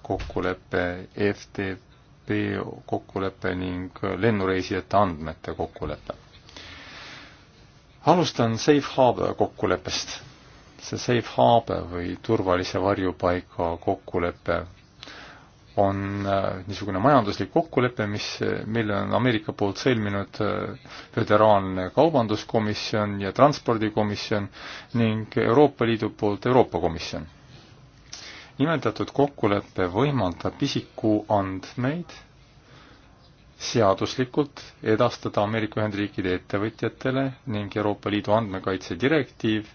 kokkulepe, FTP kokkulepe ning lennureisijate andmete kokkulepe. alustan Safe Harbor kokkuleppest. see Safe Harbor või turvalise varjupaiga kokkulepe on äh, niisugune majanduslik kokkulepe, mis, mille on Ameerika poolt sõlminud äh, Föderaalne Kaubanduskomisjon ja Transpordikomisjon ning Euroopa Liidu poolt Euroopa Komisjon. nimetatud kokkulepe võimaldab isikuandmeid seaduslikult edastada Ameerika Ühendriikide ettevõtjatele ning Euroopa Liidu andmekaitse direktiiv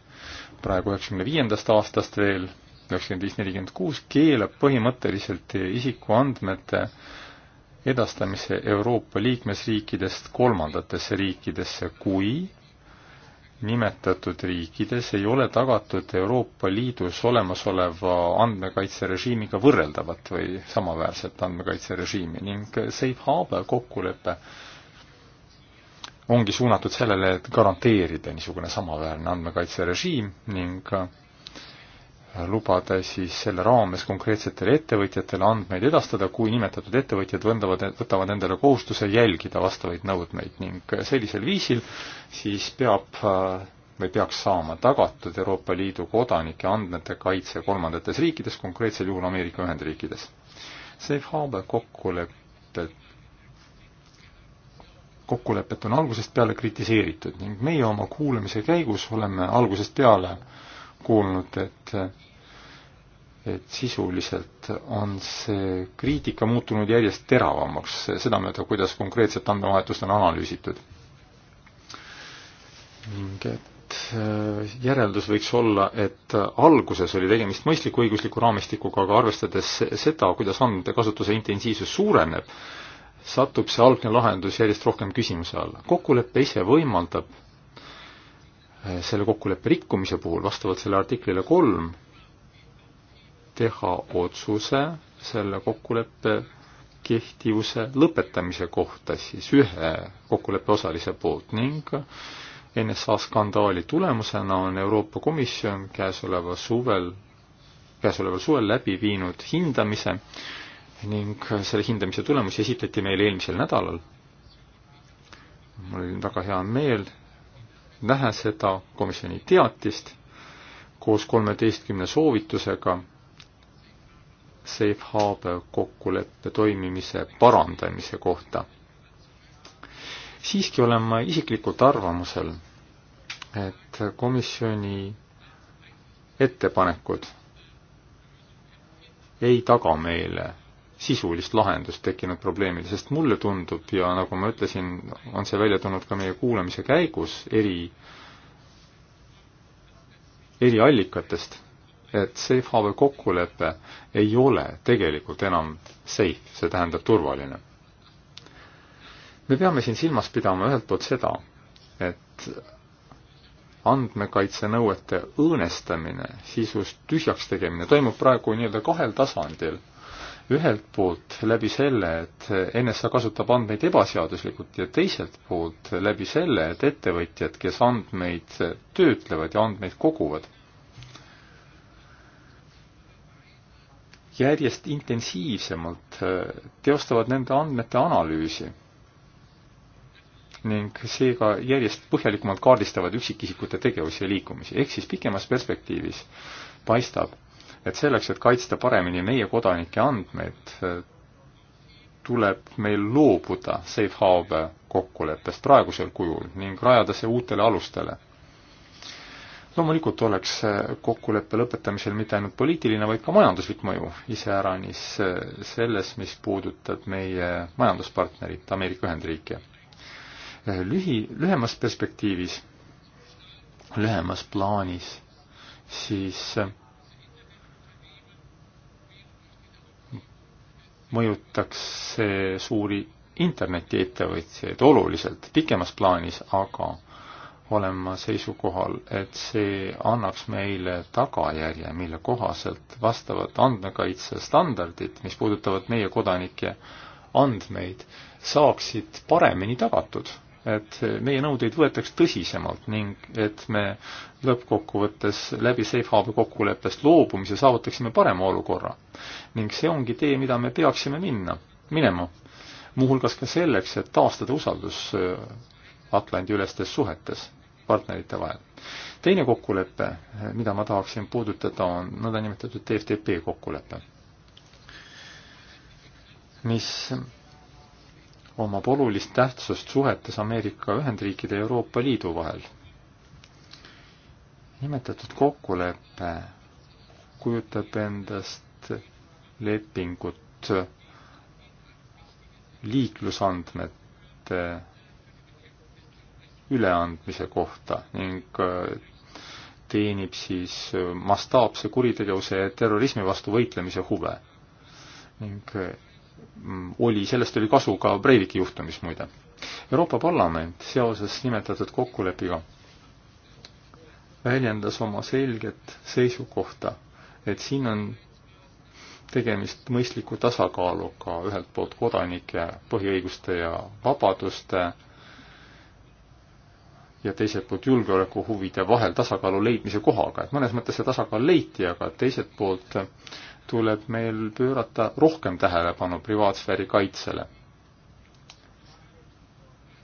praegu üheksakümne viiendast aastast veel kakskümmend viis, nelikümmend kuus keelab põhimõtteliselt isikuandmete edastamise Euroopa liikmesriikidest kolmandatesse riikidesse, kui nimetatud riikides ei ole tagatud Euroopa Liidus olemasoleva andmekaitserežiimiga võrreldavat või samaväärset andmekaitserežiimi ning Safe Harbor kokkulepe ongi suunatud sellele, et garanteerida niisugune samaväärne andmekaitserežiim ning lubada siis selle raames konkreetsetele ettevõtjatele andmeid edastada, kui nimetatud ettevõtjad võndavad, võtavad endale kohustuse jälgida vastavaid nõudmeid ning sellisel viisil siis peab või peaks saama tagatud Euroopa Liidu kodanike andmete kaitse kolmandates riikides, konkreetsel juhul Ameerika Ühendriikides. Safe Harbor kokkulepped kokkulepet on algusest peale kritiseeritud ning meie oma kuulamise käigus oleme algusest peale kuulnud, et et sisuliselt on see kriitika muutunud järjest teravamaks sedamööda, kuidas konkreetset andmevahetust on analüüsitud. ning et äh, järeldus võiks olla, et alguses oli tegemist mõistliku õigusliku raamistikuga, aga arvestades seda, kuidas andmekasutuse intensiivsus suureneb, satub see algne lahendus järjest rohkem küsimuse alla. kokkulepe ise võimaldab äh, selle kokkuleppe rikkumise puhul vastavalt selle artiklile kolm teha otsuse selle kokkuleppe kehtivuse lõpetamise kohta siis ühe kokkuleppe osalise poolt ning NSA skandaali tulemusena on Euroopa Komisjon käesoleva suvel, käesoleval suvel läbi viinud hindamise ning selle hindamise tulemusi esitleti meile eelmisel nädalal. mul oli väga hea meel näha seda komisjoni teatist koos kolmeteistkümne soovitusega safe harbor kokkuleppe toimimise parandamise kohta. siiski olen ma isiklikult arvamusel, et komisjoni ettepanekud ei taga meile sisulist lahendust tekkinud probleemile, sest mulle tundub ja nagu ma ütlesin, on see välja tulnud ka meie kuulamise käigus eri, eri allikatest et safe harbor kokkulepe ei ole tegelikult enam safe, see tähendab turvaline. me peame siin silmas pidama ühelt poolt seda, et andmekaitsenõuete õõnestamine, sisust tühjaks tegemine toimub praegu nii-öelda kahel tasandil. ühelt poolt läbi selle, et NSA kasutab andmeid ebaseaduslikult ja teiselt poolt läbi selle, et ettevõtjad, kes andmeid töötlevad ja andmeid koguvad järjest intensiivsemalt äh, teostavad nende andmete analüüsi ning seega järjest põhjalikumalt kaardistavad üksikisikute tegevusi ja liikumisi. ehk siis pikemas perspektiivis paistab, et selleks, et kaitsta paremini meie kodanike andmeid, äh, tuleb meil loobuda safe harbor kokkuleppest praegusel kujul ning rajada see uutele alustele loomulikult oleks kokkuleppe lõpetamisel mitte ainult poliitiline, vaid ka majanduslik mõju, iseäranis selles, mis puudutab meie majanduspartnerit Ameerika Ühendriike. lühi, lühemas perspektiivis, lühemas plaanis, siis mõjutaks see suuri internetiettevõtjaid oluliselt pikemas plaanis, aga olen ma seisukohal, et see annaks meile tagajärje, mille kohaselt vastavad andmekaitsestandardid, mis puudutavad meie kodanike andmeid, saaksid paremini tagatud, et meie nõudeid võetaks tõsisemalt ning et me lõppkokkuvõttes läbi Safe Harbor kokkuleppest loobumise saavutaksime parema olukorra. ning see ongi tee, mida me peaksime minna, minema. muuhulgas ka selleks, et taastada usaldus äh, Atlandi-ülestes suhetes partnerite vahel. teine kokkulepe, mida ma tahaksin puudutada, on nõndanimetatud TFTP kokkulepe, mis omab olulist tähtsust suhetes Ameerika Ühendriikide ja Euroopa Liidu vahel. nimetatud kokkulepe kujutab endast lepingut liiklusandmete üleandmise kohta ning äh, teenib siis äh, mastaapse kuritegevuse ja terrorismi vastu võitlemise huve. ning äh, oli, sellest oli kasu ka Breiviki juhtumis muide. Euroopa Parlament seoses nimetatud kokkuleppiga väljendas oma selget seisukohta, et siin on tegemist mõistliku tasakaaluga ühelt poolt kodanike põhiõiguste ja vabaduste ja teiselt poolt julgeolekuhuvide vahel tasakaalu leidmise kohaga, et mõnes mõttes see tasakaal leiti, aga teiselt poolt tuleb meil pöörata rohkem tähelepanu privaatsfääri kaitsele.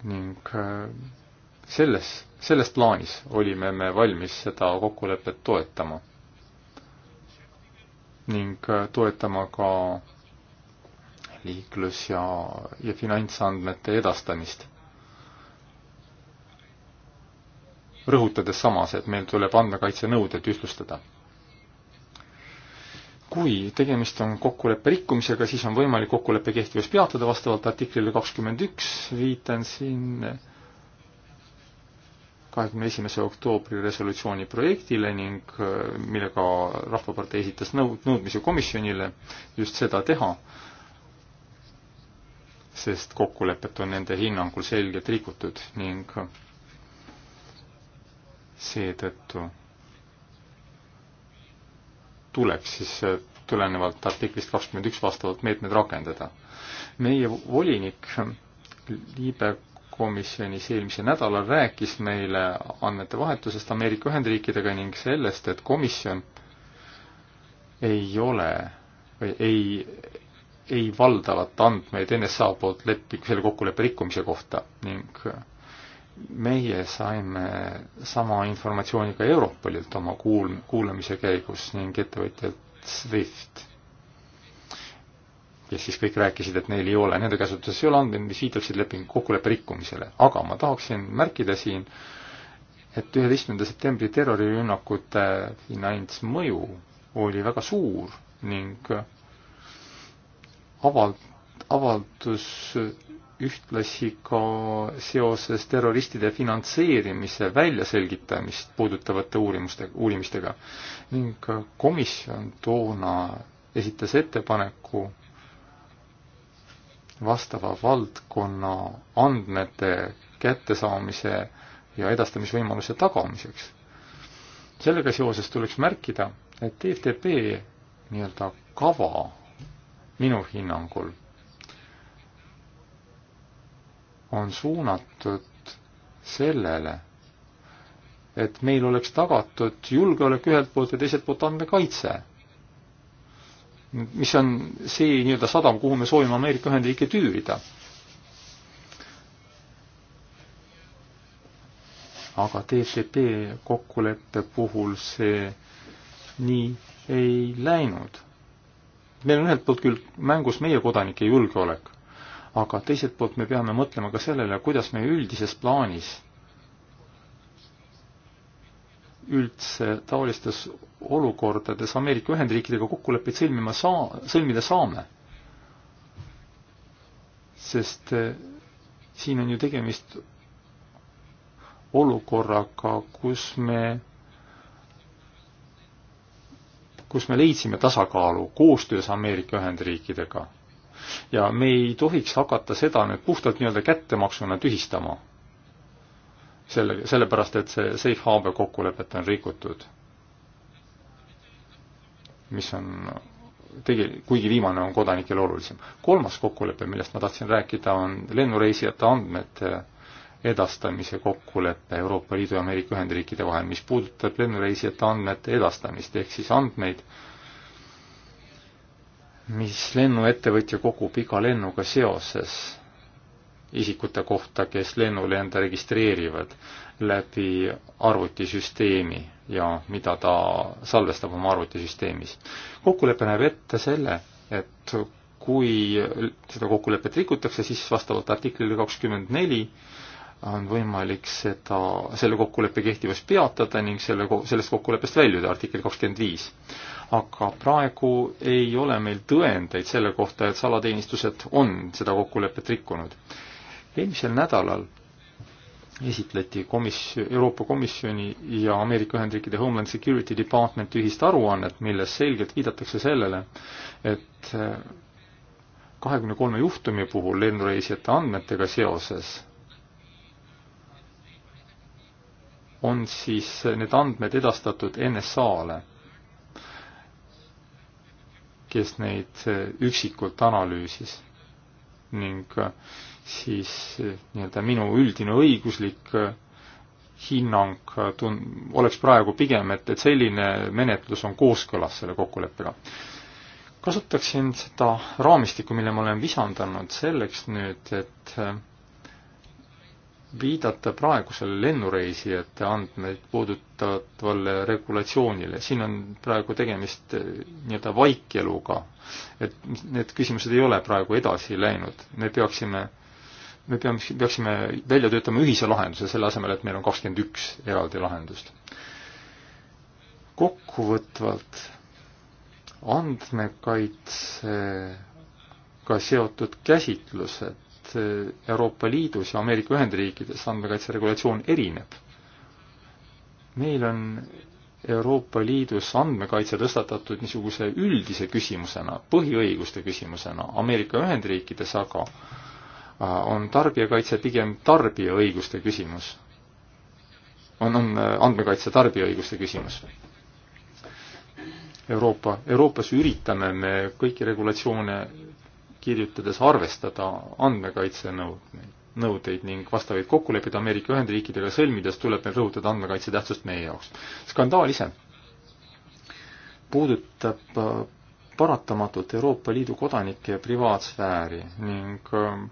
ning äh, selles, selles plaanis olime me valmis seda kokkulepet toetama. ning äh, toetama ka liiklus- ja, ja finantsandmete edastamist rõhutades samas, et meil tuleb andmekaitsenõuded ühtlustada. kui tegemist on kokkuleppe rikkumisega, siis on võimalik kokkuleppe kehtivus peatada vastavalt artiklile kakskümmend üks, viitan siin kahekümne esimese oktoobri resolutsiooni projektile ning äh, millega Rahvapartei esitas nõud-, nõudmise komisjonile just seda teha, sest kokkulepet on nende hinnangul selgelt rikutud ning seetõttu tuleks siis äh, tulenevalt artiklist kakskümmend üks vastavad meetmed rakendada. meie volinik äh, Liibe komisjonis eelmisel nädalal rääkis meile andmete vahetusest Ameerika Ühendriikidega ning sellest, et komisjon ei ole või ei, ei valdavat andmeid NSA poolt leppi, selle kokkuleppe rikkumise kohta ning meie saime sama informatsiooni ka Europolilt oma kuul-, kuulamise käigus ning ettevõtjalt SWIFT, kes siis kõik rääkisid, et neil ei ole, nende käsutuses ei ole andmeid, mis viitaksid lepingu kokkuleppe rikkumisele, aga ma tahaksin märkida siin, et üheteistkümnenda septembri terrorirünnakute finantsmõju oli väga suur ning avald-, avaldus ühtlasi ka seoses terroristide finantseerimise väljaselgitamist puudutavate uurimuste, uurimistega ning komisjon toona esitas ettepaneku vastava valdkonna andmete kättesaamise ja edastamisvõimaluse tagamiseks. sellega seoses tuleks märkida, et TFTP nii-öelda kava minu hinnangul on suunatud sellele, et meil oleks tagatud julgeolek ühelt poolt ja teiselt poolt andmekaitse. mis on see nii-öelda sadam, kuhu me soovime Ameerika Ühendriike tüürida. aga TTP kokkuleppe puhul see nii ei läinud. meil on ühelt poolt küll mängus meie kodanike julgeolek, aga teiselt poolt me peame mõtlema ka sellele, kuidas me üldises plaanis üldse taolistes olukordades Ameerika Ühendriikidega kokkuleppeid sõlmima saa-, sõlmida saame. sest eh, siin on ju tegemist olukorraga, kus me, kus me leidsime tasakaalu koostöös Ameerika Ühendriikidega ja me ei tohiks hakata seda nüüd puhtalt nii-öelda kättemaksuna tühistama. selle, sellepärast, et see safe harbor kokkulepet on rikutud. mis on tegel-, kuigi viimane on kodanikele olulisem. kolmas kokkulepe, millest ma tahtsin rääkida, on lennureisijate andmete edastamise kokkulepe Euroopa Liidu ja Ameerika Ühendriikide vahel, mis puudutab lennureisijate andmete edastamist, ehk siis andmeid, mis lennuettevõtja kogub iga lennuga seoses isikute kohta, kes lennule enda registreerivad läbi arvutisüsteemi ja mida ta salvestab oma arvutisüsteemis. kokkulepe näeb ette selle, et kui seda kokkulepet rikutakse, siis vastavalt artiklile kakskümmend neli on võimalik seda, selle kokkuleppe kehtivust peatada ning selle, sellest kokkuleppest väljuda, artikkel kakskümmend viis aga praegu ei ole meil tõendeid selle kohta, et salateenistused on seda kokkulepet rikkunud. eelmisel nädalal esitleti komis-, Euroopa Komisjoni ja Ameerika Ühendriikide Homeland Security Department ühist aruannet, milles selgelt viidatakse sellele, et äh, kahekümne kolme juhtumi puhul lennureisijate andmetega seoses on siis need andmed edastatud NSA-le kes neid eh, üksikult analüüsis. ning eh, siis eh, nii-öelda minu üldine õiguslik hinnang tun-, oleks praegu pigem, et, et selline menetlus on kooskõlas selle kokkuleppega. kasutaksin seda raamistikku, mille ma olen visandanud selleks nüüd, et viidata praegusele lennureisijate andmeid puudutavale regulatsioonile, siin on praegu tegemist eh, nii-öelda vaikeluga, et need küsimused ei ole praegu edasi läinud, me peaksime, me peaks, peaksime välja töötama ühise lahenduse, selle asemel, et meil on kakskümmend üks eraldi lahendust. kokkuvõtvalt andmekaitsega seotud käsitlused Euroopa Liidus ja Ameerika Ühendriikides andmekaitse regulatsioon erineb. meil on Euroopa Liidus andmekaitse tõstatatud niisuguse üldise küsimusena, põhiõiguste küsimusena, Ameerika Ühendriikides aga äh, on tarbijakaitse pigem tarbija õiguste küsimus. on, on äh, andmekaitse tarbija õiguste küsimus. Euroopa, Euroopas üritame me kõiki regulatsioone kirjutades arvestada andmekaitsenõudmeid nõudeid ning vastavaid kokkuleppeid Ameerika Ühendriikidega sõlmides tuleb meil rõhutada andmekaitse tähtsust meie jaoks. skandaal ise puudutab äh, paratamatult Euroopa Liidu kodanike privaatsfääri ning äh,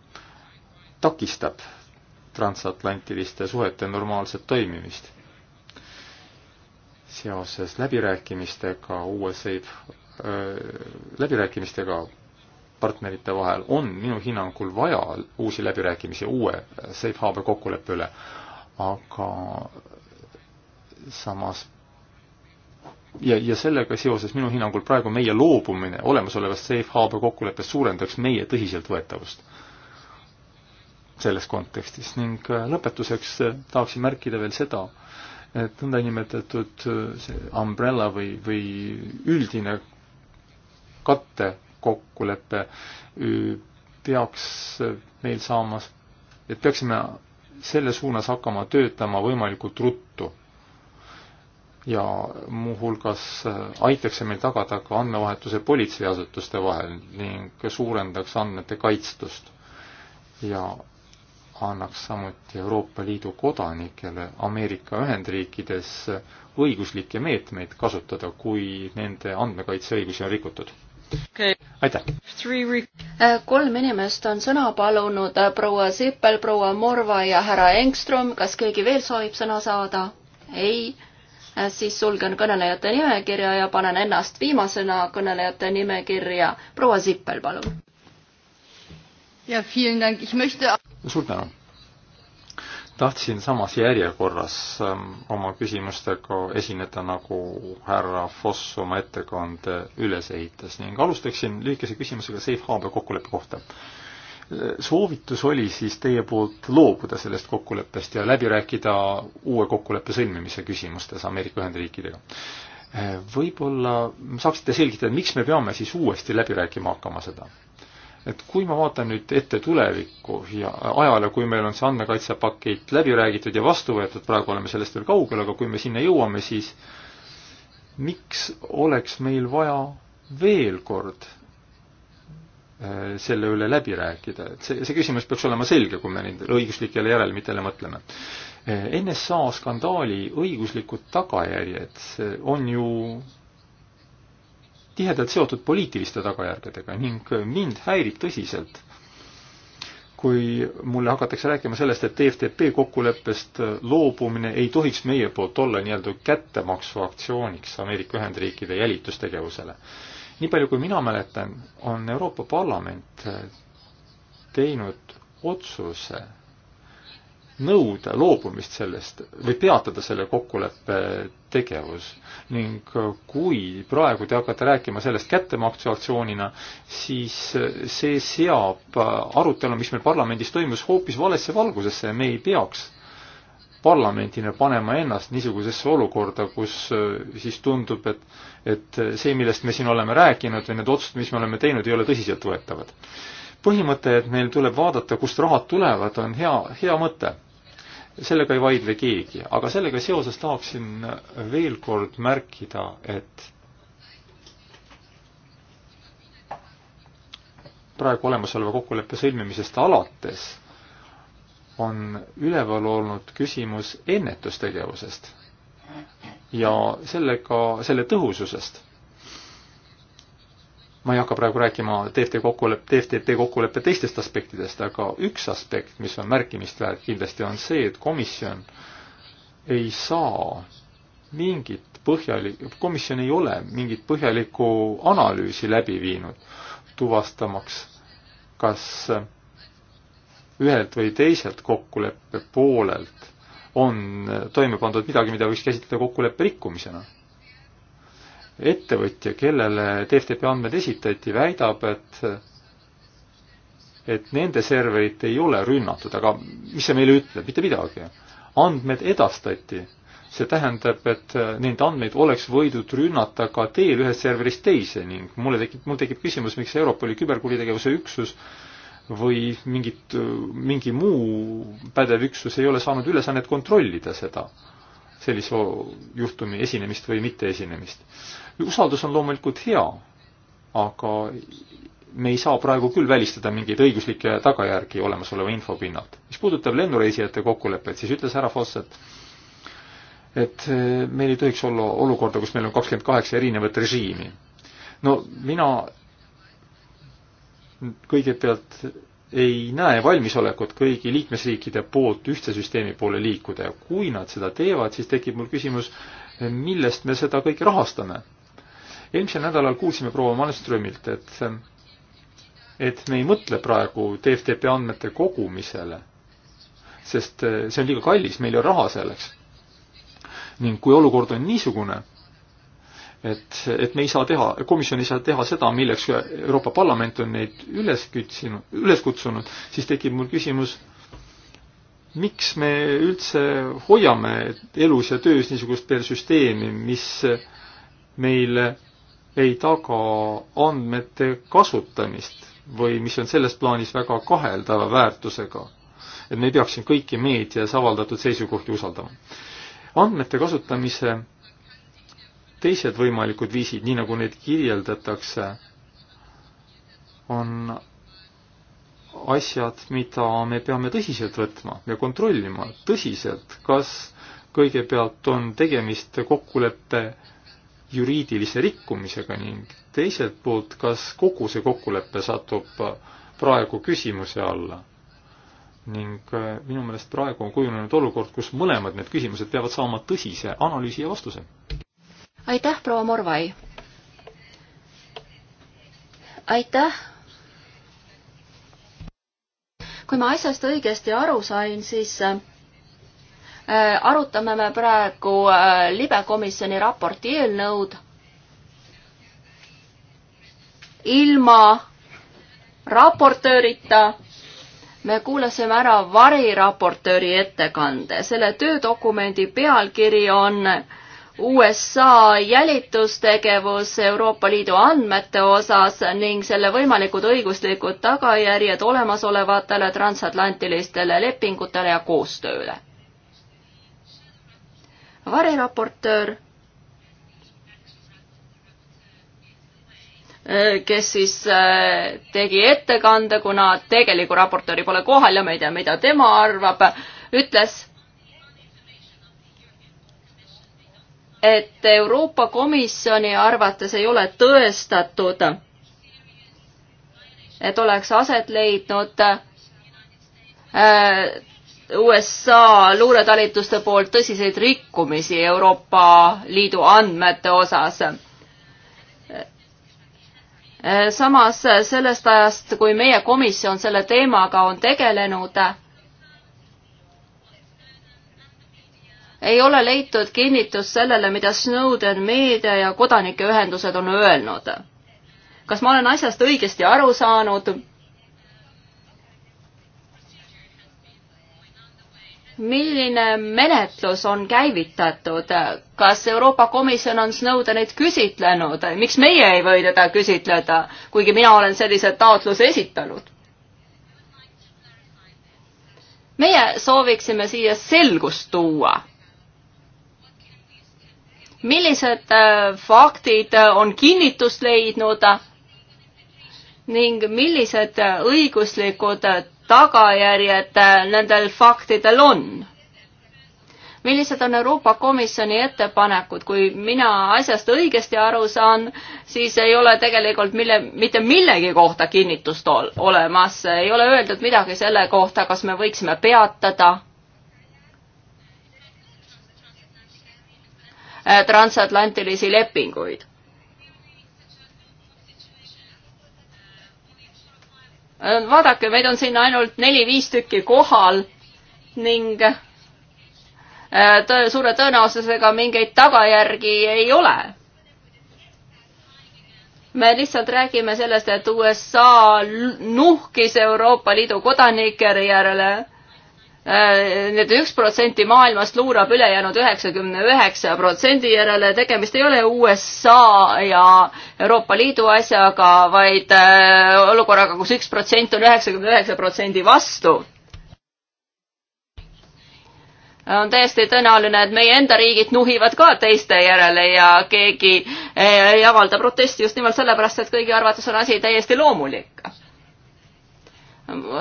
takistab transatlantiliste suhete normaalset toimimist. seoses läbirääkimistega USA, äh, läbirääkimistega partnerite vahel on minu hinnangul vaja uusi läbirääkimisi uue safe harbor kokkuleppe üle, aga samas ja, ja sellega seoses minu hinnangul praegu meie loobumine olemasolevast safe harbor kokkuleppest suurendaks meie tõsiseltvõetavust selles kontekstis ning äh, lõpetuseks äh, tahaksin märkida veel seda, et nõndanimetatud äh, see umbrella või, või üldine katte kokkulepe peaks meil saamas, et peaksime selle suunas hakkama töötama võimalikult ruttu. ja muuhulgas äh, aitaks see meil tagada ka andmevahetuse politseiasutuste vahel ning suurendaks andmete kaitstust. ja annaks samuti Euroopa Liidu kodanikele Ameerika Ühendriikides õiguslikke meetmeid kasutada, kui nende andmekaitseõigusi on rikutud okay.. aitäh. Eh, kolm inimest on sõna palunud, eh, proua Sippel, proua Morva ja härra Engström. kas keegi veel soovib sõna saada? ei? Eh, siis sulgen kõnelejate nimekirja ja panen ennast viimasena kõnelejate nimekirja. proua Sippel, palun. suur tänu tahtsin samas järjekorras ähm, oma küsimustega esineda, nagu härra Foss oma ettekande üles ehitas ning alustaksin lühikese küsimusega Safe Harbor kokkuleppe kohta. Äh, soovitus oli siis teie poolt loobuda sellest kokkuleppest ja läbi rääkida uue kokkuleppe sõlmimise küsimustes Ameerika Ühendriikidega. Äh, võib-olla saaksite selgitada, miks me peame siis uuesti läbi rääkima hakkama seda? et kui ma vaatan nüüd ette tulevikku ja ajale, kui meil on see andmekaitsepakett läbi räägitud ja vastu võetud, praegu oleme sellest veel kaugel, aga kui me sinna jõuame, siis miks oleks meil vaja veel kord äh, selle üle läbi rääkida, et see, see küsimus peaks olema selge, kui me nendele õiguslikele järelmitele mõtleme. Äh, NSA skandaali õiguslikud tagajärjed on ju tihedalt seotud poliitiliste tagajärgedega ning mind häirib tõsiselt, kui mulle hakatakse rääkima sellest, et e TFTP kokkuleppest loobumine ei tohiks meie poolt olla nii-öelda kättemaksu aktsiooniks Ameerika Ühendriikide jälitustegevusele. nii palju, kui mina mäletan, on Euroopa Parlament teinud otsuse nõuda loobumist sellest või peatada selle kokkuleppe tegevus ning kui praegu te hakkate rääkima sellest kättemaksu aktsioonina, siis see seab arutelu, mis meil parlamendis toimus, hoopis valesse valgusesse ja me ei peaks parlamendina panema ennast niisugusesse olukorda, kus siis tundub, et et see, millest me siin oleme rääkinud või need otsused, mis me oleme teinud, ei ole tõsiseltvõetavad põhimõte, et meil tuleb vaadata, kust rahad tulevad, on hea, hea mõte. sellega ei vaidle keegi, aga sellega seoses tahaksin veel kord märkida, et praegu olemasoleva kokkuleppe sõlmimisest alates on üleval olnud küsimus ennetustegevusest ja sellega, selle tõhususest ma ei hakka praegu rääkima TFT kokkuleppe, TFTP kokkuleppe teistest aspektidest, aga üks aspekt, mis on märkimist väärt kindlasti, on see, et komisjon ei saa mingit põhjalik-, komisjon ei ole mingit põhjalikku analüüsi läbi viinud, tuvastamaks, kas ühelt või teiselt kokkuleppe poolelt on toime pandud midagi, mida võiks käsitleda kokkuleppe rikkumisena ettevõtja, kellele TFTP andmed esitati, väidab, et et nende serverit ei ole rünnatud, aga mis see meile ütleb, mitte midagi. andmed edastati, see tähendab, et neid andmeid oleks võidud rünnata ka teel ühest serverist teise ning mulle tekib, mul tekib küsimus, miks Europoli küberkuritegevuse üksus või mingit, mingi muu pädev üksus ei ole saanud ülesannet kontrollida seda, sellise juhtumi esinemist või mitteesinemist usaldus on loomulikult hea, aga me ei saa praegu küll välistada mingeid õiguslikke tagajärgi olemasoleva info pinnalt. mis puudutab lennureisijate kokkulepet, siis ütles härra Foss, et et e, meil ei tohiks olla olukorda, kus meil on kakskümmend kaheksa erinevat režiimi. no mina kõigepealt ei näe valmisolekut kõigi liikmesriikide poolt ühtse süsteemi poole liikuda ja kui nad seda teevad, siis tekib mul küsimus, millest me seda kõike rahastame eelmisel nädalal kuulsime proua Malmströmilt, et et me ei mõtle praegu TFTP andmete kogumisele, sest see on liiga kallis, meil ei ole raha selleks. ning kui olukord on niisugune, et, et me ei saa teha, komisjon ei saa teha seda, milleks Euroopa Parlament on neid üles kütsinud, üles kutsunud, siis tekib mul küsimus, miks me üldse hoiame elus ja töös niisugust veel süsteemi, mis meile ei taga andmete kasutamist või mis on selles plaanis väga kaheldava väärtusega. et me ei peaks siin kõiki meedias avaldatud seisukohti usaldama. andmete kasutamise teised võimalikud viisid, nii nagu neid kirjeldatakse, on asjad, mida me peame tõsiselt võtma ja kontrollima tõsiselt, kas kõigepealt on tegemist kokkuleppe juriidilise rikkumisega ning teiselt poolt, kas kogu see kokkulepe satub praegu küsimuse alla? ning äh, minu meelest praegu on kujunenud olukord, kus mõlemad need küsimused peavad saama tõsise analüüsi ja vastuse. aitäh, proua Morvai! aitäh! kui ma asjast õigesti aru sain, siis äh, Äh, arutame me praegu äh, libekomisjoni raporti eelnõud ilma raportöörita me kuulasime ära variraportööri ettekande. selle töödokumendi pealkiri on USA jälitustegevus Euroopa Liidu andmete osas ning selle võimalikud õiguslikud tagajärjed olemasolevatele transatlantilistele lepingutele ja koostööle variraportöör, äh, kes siis äh, tegi ettekande, kuna tegelikku raportööri pole kohal ja me ei tea, mida tema arvab, ütles, et Euroopa Komisjoni arvates ei ole tõestatud, et oleks aset leidnud äh, USA luuretalituste poolt tõsiseid rikkumisi Euroopa Liidu andmete osas. samas sellest ajast, kui meie komisjon selle teemaga on tegelenud, ei ole leitud kinnitust sellele, mida Snowden meedia ja kodanikeühendused on öelnud. kas ma olen asjast õigesti aru saanud? milline menetlus on käivitatud, kas Euroopa Komisjon on Snowdenit küsitlenud, miks meie ei või teda küsitleda, kuigi mina olen sellise taotluse esitanud? meie sooviksime siia selgust tuua. millised äh, faktid on kinnitust leidnud ning millised õiguslikud tagajärjed äh, nendel faktidel on millised on Euroopa Komisjoni ettepanekud, kui mina asjast õigesti aru saan, siis ei ole tegelikult mille, mitte millegi kohta kinnitust ol, olemas, ei ole öeldud midagi selle kohta, kas me võiksime peatada äh, transatlantilisi lepinguid. Äh, vaadake, meid on siin ainult neli-viis tükki kohal ning äh, tõe, suure tõenäosusega mingeid tagajärgi ei ole. me lihtsalt räägime sellest, et USA nuhkis Euroopa Liidu kodanike järele Äh, need üks protsenti maailmast luurab ülejäänud üheksakümne üheksa protsendi järele, tegemist ei ole USA ja Euroopa Liidu asjaga, vaid äh, olukorraga kus, kus üks protsent on üheksakümne üheksa protsendi vastu on täiesti tõenäoline, et meie enda riigid nuhivad ka teiste järele ja keegi äh, ei avalda protesti just nimelt sellepärast, et kõigi arvates on asi täiesti loomulik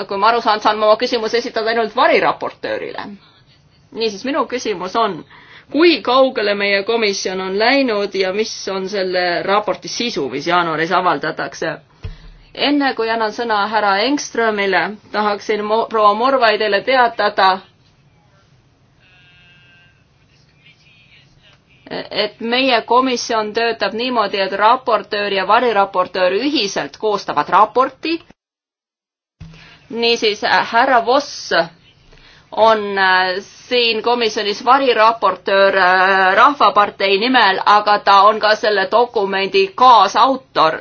kui ma aru saan, saan ma oma küsimuse esitada ainult variraportöörile. niisiis, minu küsimus on, kui kaugele meie komisjon on läinud ja mis on selle raporti sisu, mis jaanuaris avaldatakse? enne kui annan sõna härra Engströmile, tahaksin mo proua Morvai teile teatada, et meie komisjon töötab niimoodi, et raportöör ja variraportöör ühiselt koostavad raporti niisiis, äh, härra Voss on äh, siin komisjonis variraportöör äh, Rahvapartei nimel, aga ta on ka selle dokumendi kaasautor.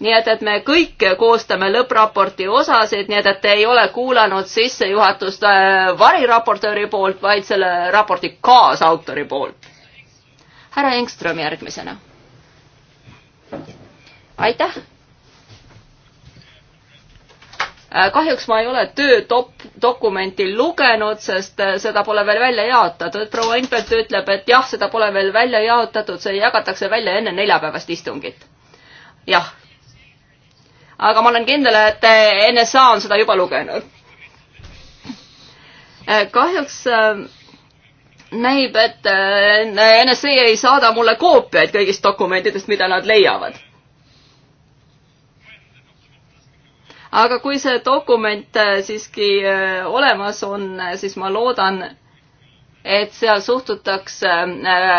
nii et, et me kõik koostame lõppraporti osasid, nii et, et ei ole kuulanud sissejuhatust variraportööri poolt, vaid selle raporti kaasautori poolt. härra Engström järgmisena. aitäh Äh, kahjuks ma ei ole töödop-, dokumenti lugenud, sest äh, seda pole veel välja jaotatud. proua Infeld ütleb, et jah, seda pole veel välja jaotatud, see jagatakse välja enne neljapäevast istungit. jah. aga ma olen kindel, et äh, NSA on seda juba lugenud. kahjuks näib, et NSA ei saada mulle koopiaid kõigist dokumentidest, mida nad leiavad aga kui see dokument äh, siiski äh, olemas on, äh, siis ma loodan, et seal suhtutakse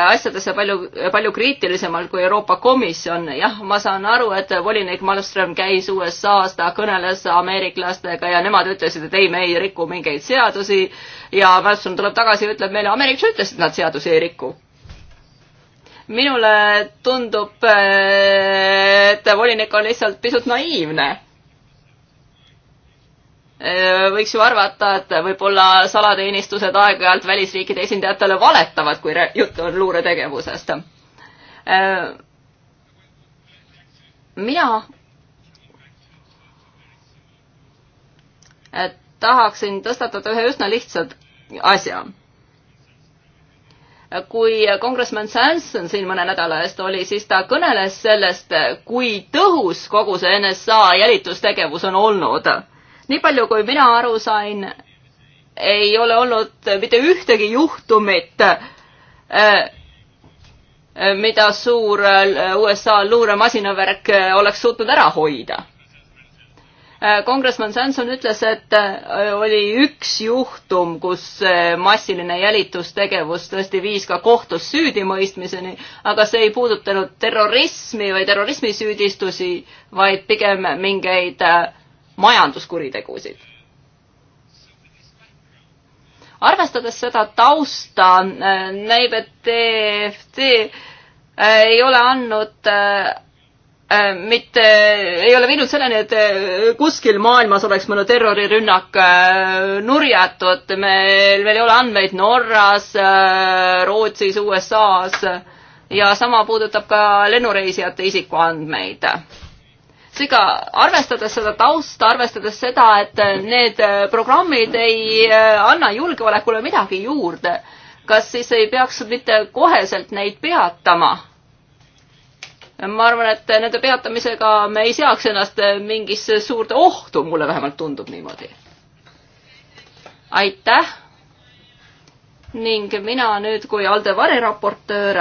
asjadesse palju, palju kriitilisemalt kui Euroopa Komisjon. jah, ma saan aru, et volinik Malmström käis USA-s, ta kõneles ameeriklastega ja nemad ütlesid, et ei, me ei riku mingeid seadusi ja Malmström tuleb tagasi ja ütleb meile, ameeriklased ütlesid, et nad seadusi ei riku minule tundub, et volinik on lihtsalt pisut naiivne Äh, võiks ju arvata, et võib-olla salateenistused aeg-ajalt välisriikide esindajatele valetavad, kui juttu on luuretegevusest. Äh, mina äh, tahaksin tõstatada ühe üsna lihtsa asja. kui kongresmen Sanson siin mõne nädala eest oli, siis ta kõneles sellest, kui tõhus kogu see NSA jälitustegevus on olnud nii palju, kui mina aru sain, ei ole olnud mitte ühtegi juhtumit, äh, äh, mida suur äh, USA luuremasinavärk oleks suutnud ära hoida. kongressman Sanson ütles, et oli üks juhtum, kus massiline jälitustegevus tõesti viis ka kohtus süüdimõistmiseni, aga see ei puudutanud terrorismi või terrorismisüüdistusi, vaid pigem mingeid äh, majanduskuritegusid. arvestades seda tausta, äh, näib, et DFT äh, ei ole andnud äh, mitte, ei ole viinud selleni, et kuskil maailmas oleks mõni terrorirünnak nurjatud, meil veel ei ole andmeid Norras, Rootsis, USA-s ja sama puudutab ka lennureisijate isikuandmeid seega arvestades seda tausta, arvestades seda, et äh, need äh, programmid ei äh, anna julgeolekule midagi juurde, kas siis ei peaks mitte koheselt neid peatama? ma arvan, et nende peatamisega me ei seaks ennast mingisse suurde ohtu, mulle vähemalt tundub niimoodi. aitäh! ning mina nüüd kui Alde variraportöör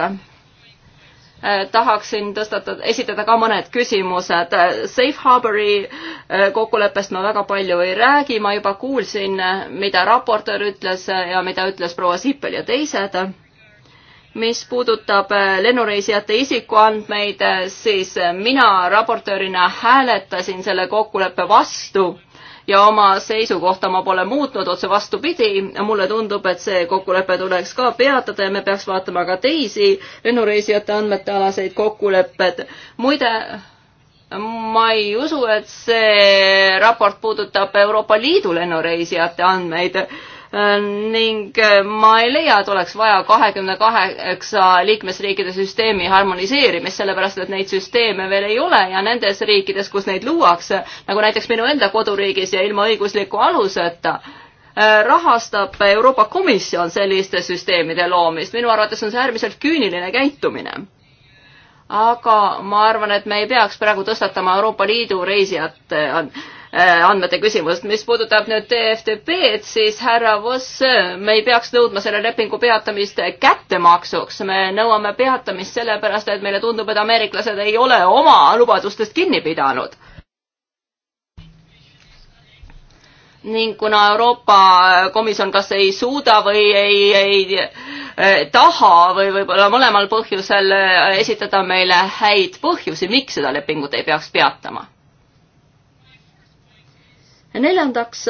Eh, tahaksin tõstatada, esitada ka mõned küsimused. Eh, safe Harbori eh, kokkuleppest ma väga palju ei räägi, ma juba kuulsin, mida raportöör ütles ja mida ütles proua Sippel ja teised. mis puudutab lennureisijate isikuandmeid, siis mina raportöörina hääletasin selle kokkuleppe vastu ja oma seisukohta ma pole muutnud, otse vastupidi, mulle tundub, et see kokkulepe tuleks ka peatada ja me peaks vaatama ka teisi lennureisijate andmete alaseid kokkulepped. muide, ma ei usu, et see raport puudutab Euroopa Liidu lennureisijate andmeid Äh, ning äh, ma ei leia, et oleks vaja kahekümne kaheksa liikmesriikide süsteemi harmoniseerimist, sellepärast et neid süsteeme veel ei ole ja nendes riikides, kus neid luuakse, nagu näiteks minu enda koduriigis ja ilma õigusliku aluseta, äh, rahastab Euroopa Komisjon selliste süsteemide loomist. minu arvates on see äärmiselt küüniline käitumine. aga ma arvan, et me ei peaks praegu tõstatama Euroopa Liidu reisijate Äh, andmete küsimust. mis puudutab nüüd TFTP-d, siis härra Voss, me ei peaks nõudma selle lepingu peatamist kättemaksuks. me nõuame peatamist sellepärast, et meile tundub, et ameeriklased ei ole oma lubadustest kinni pidanud. ning kuna Euroopa Komisjon kas ei suuda või ei, ei taha või võib-olla mõlemal põhjusel esitada meile häid põhjusi, miks seda lepingut ei peaks peatama neljandaks,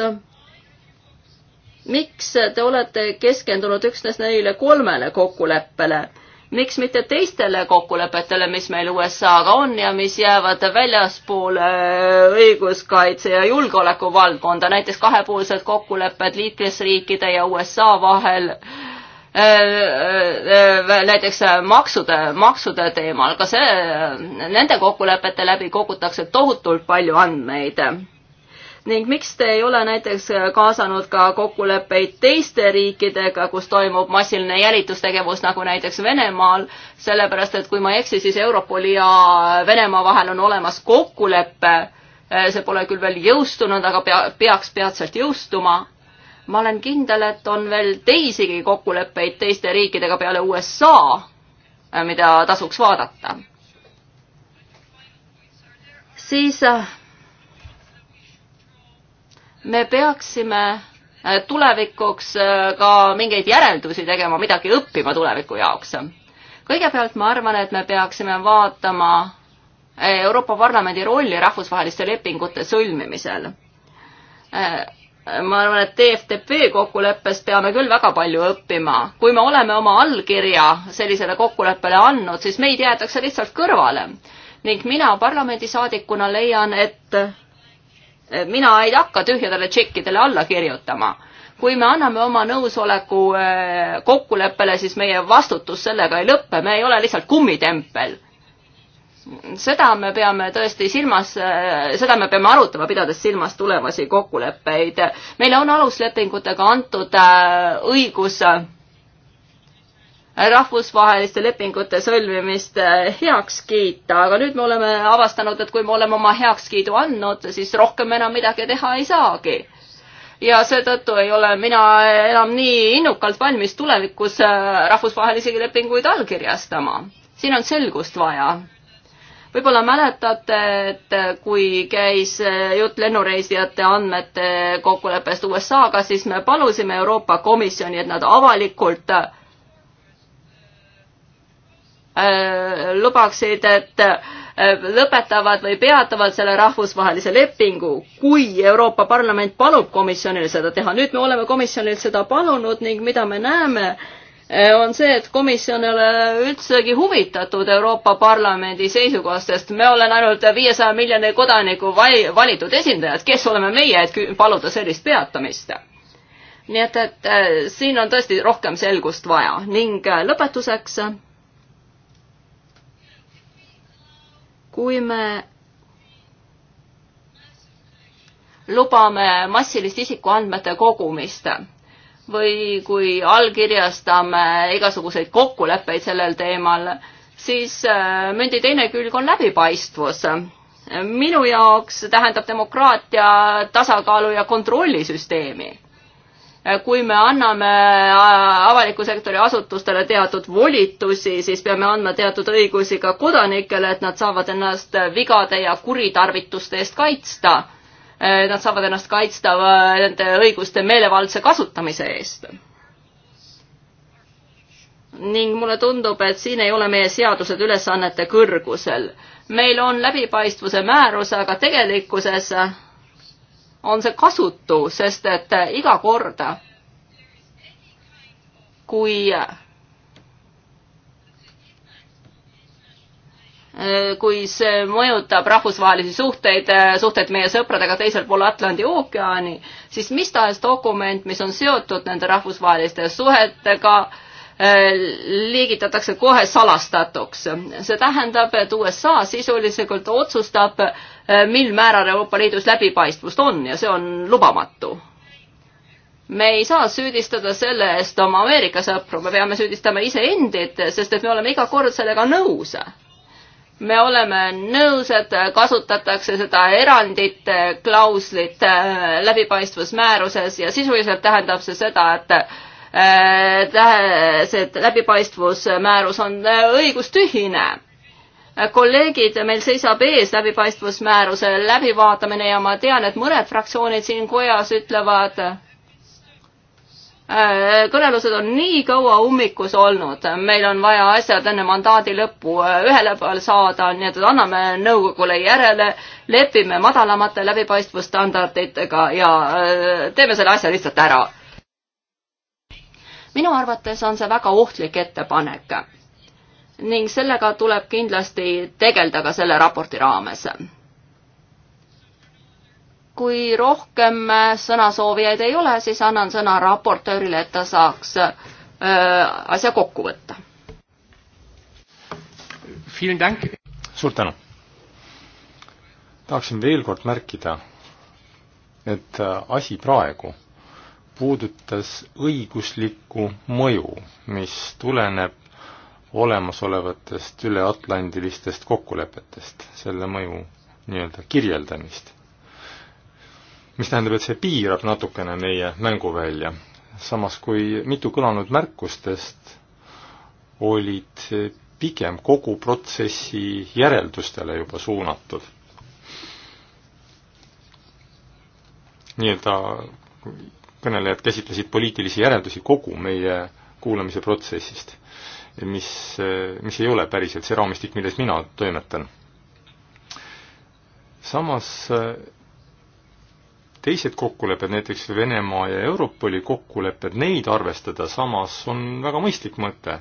miks te olete keskendunud üksnes neile kolmele kokkuleppele? miks mitte teistele kokkulepetele, mis meil USA-ga on ja mis jäävad väljaspoole äh, õiguskaitse ja julgeoleku valdkonda, näiteks kahepoolsed kokkulepped liikmesriikide ja USA vahel äh, äh, näiteks maksude, maksude teemal, ka see, nende kokkulepete läbi kogutakse tohutult palju andmeid ning miks te ei ole näiteks äh, kaasanud ka kokkuleppeid teiste riikidega, kus toimub massiline jälitustegevus, nagu näiteks Venemaal, sellepärast et kui ma ei eksi, siis Europoli ja Venemaa vahel on olemas kokkulepe, äh, see pole küll veel jõustunud, aga pea, peaks peatselt jõustuma. ma olen kindel, et on veel teisigi kokkuleppeid teiste riikidega peale USA, äh, mida tasuks vaadata. siis me peaksime äh, tulevikuks äh, ka mingeid järeldusi tegema, midagi õppima tuleviku jaoks. kõigepealt ma arvan, et me peaksime vaatama äh, Euroopa Parlamendi rolli rahvusvaheliste lepingute sõlmimisel. ma arvan, et DFDP kokkuleppest peame küll väga palju õppima. kui me oleme oma allkirja sellisele kokkuleppele andnud, siis meid jäetakse lihtsalt kõrvale. ning mina parlamendisaadikuna leian, et mina ei hakka tühjadele tšekkidele alla kirjutama. kui me anname oma nõusoleku äh, kokkuleppele, siis meie vastutus sellega ei lõpe, me ei ole lihtsalt kummitempel seda me peame tõesti silmas, äh, seda me peame arutama, pidades silmas tulevasi kokkuleppeid. meile on aluslepingutega antud äh, õigus rahvusvaheliste lepingute sõlmimist eh, heaks kiita, aga nüüd me oleme avastanud, et kui me oleme oma heakskiidu andnud, siis rohkem enam midagi teha ei saagi. ja seetõttu ei ole mina enam nii innukalt valmis tulevikus eh, rahvusvahelisi lepinguid allkirjastama. siin on selgust vaja võib-olla mäletate, et kui käis eh, jutt lennureisijate andmete kokkuleppest USA-ga, siis me palusime Euroopa Komisjoni, et nad avalikult äh, Äh, lubaksid, et äh, lõpetavad või peatavad selle rahvusvahelise lepingu, kui Euroopa Parlament palub komisjonil seda teha. nüüd me oleme komisjonil seda palunud ning mida me näeme, äh, on see, et komisjon ei ole üldsegi huvitatud Euroopa Parlamendi seisukohast, sest me oleme ainult viiesaja miljoni kodaniku valitud esindajad, kes oleme meie, et paluda sellist peatamist nii et, et siin on tõesti rohkem selgust vaja ning lõpetuseks kui me lubame massilist isikuandmete kogumist või kui allkirjastame igasuguseid kokkuleppeid sellel teemal, siis äh, mündi teine külg on läbipaistvus. minu jaoks tähendab demokraatia tasakaalu ja kontrollisüsteemi Eh, kui me anname eh, avaliku sektori asutustele teatud volitusi, siis peame andma teatud õigusi ka kodanikele, et nad saavad ennast eh, vigade ja kuritarvituste eest kaitsta. Nad saavad ennast kaitsta nende õiguste meelevaldse kasutamise eest. ning mulle tundub, et siin ei ole meie seadused ülesannete kõrgusel. meil on läbipaistvuse määrus, aga tegelikkuses on see kasutu, sest et äh, iga kord, kui äh, kui see mõjutab rahvusvahelisi suhteid, äh, suhteid meie sõpradega teisel pool Atlandi ookeani, siis mis tahes dokument, mis on seotud nende rahvusvaheliste suhetega, liigitatakse kohe salastatuks. see tähendab, et USA sisuliselt otsustab, eh, mil määral Euroopa Liidus läbipaistvust on ja see on lubamatu. me ei saa süüdistada selle eest oma Ameerika sõpru, me peame süüdistama iseendid, sest et me oleme iga kord sellega nõus me oleme nõus, et kasutatakse seda erandit klauslit eh, läbipaistvusmääruses ja sisuliselt tähendab see seda, et Äh, see läbipaistvusmäärus on äh, õigustühine. Äh, kolleegid, meil seisab ees läbipaistvusmääruse läbivaatamine ja ma tean, et mõned fraktsioonid siin kojas ütlevad, kõnelused on nii kaua ummikus olnud, meil on vaja asjad enne mandaadi lõppu ühele poole saada, nii et anname nõukogule järele, lepime madalamate läbipaistvusstandarditega ja teeme selle asja lihtsalt ära minu arvates on see väga ohtlik ettepanek ning sellega tuleb kindlasti tegeleda ka selle raporti raames. kui rohkem sõnasoovijaid ei ole, siis annan sõna raportöörile, et ta saaks öö, äh, asja kokku võtta. suur tänu! tahaksin veel kord märkida, et äh, asi praegu puudutas õiguslikku mõju, mis tuleneb olemasolevatest üleatlandilistest kokkulepetest, selle mõju nii-öelda kirjeldamist. mis tähendab, et see piirab natukene meie mänguvälja, samas kui mitu kõlanud märkustest olid pigem kogu protsessi järeldustele juba suunatud. nii-öelda kõnelejad käsitlesid poliitilisi järeldusi kogu meie kuulamise protsessist, mis, mis ei ole päriselt see raamistik, milles mina toimetan. samas teised kokkulepped, näiteks Venemaa ja Europoli kokkulepped, neid arvestada samas on väga mõistlik mõte.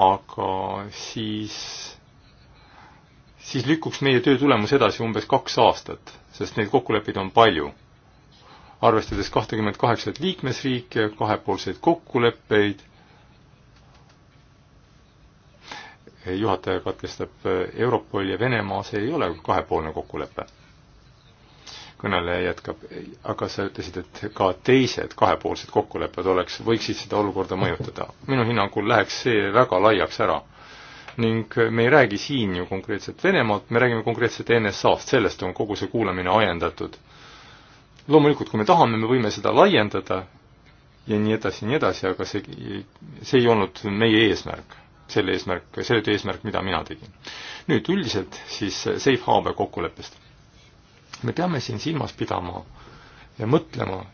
aga siis, siis lükkuks meie töö tulemus edasi umbes kaks aastat, sest neid kokkuleppeid on palju arvestades kahtekümmet kaheksat liikmesriiki ja kahepoolseid kokkuleppeid. juhataja katkestab, eh, Europol ja Venemaa, see ei ole kahepoolne kokkulepe. kõneleja jätkab, aga sa ütlesid, et ka teised kahepoolsed kokkulepped oleks, võiksid seda olukorda mõjutada. minu hinnangul läheks see väga laiaks ära ning me ei räägi siin ju konkreetselt Venemaalt, me räägime konkreetselt NSA-st, sellest on kogu see kuulamine ajendatud loomulikult, kui me tahame, me võime seda laiendada ja nii edasi ja nii edasi, aga see, see ei olnud meie eesmärk. selle eesmärk, see oli eesmärk, mida mina tegin. nüüd üldiselt siis safe harbor kokkuleppest. me peame siin silmas pidama ja mõtlema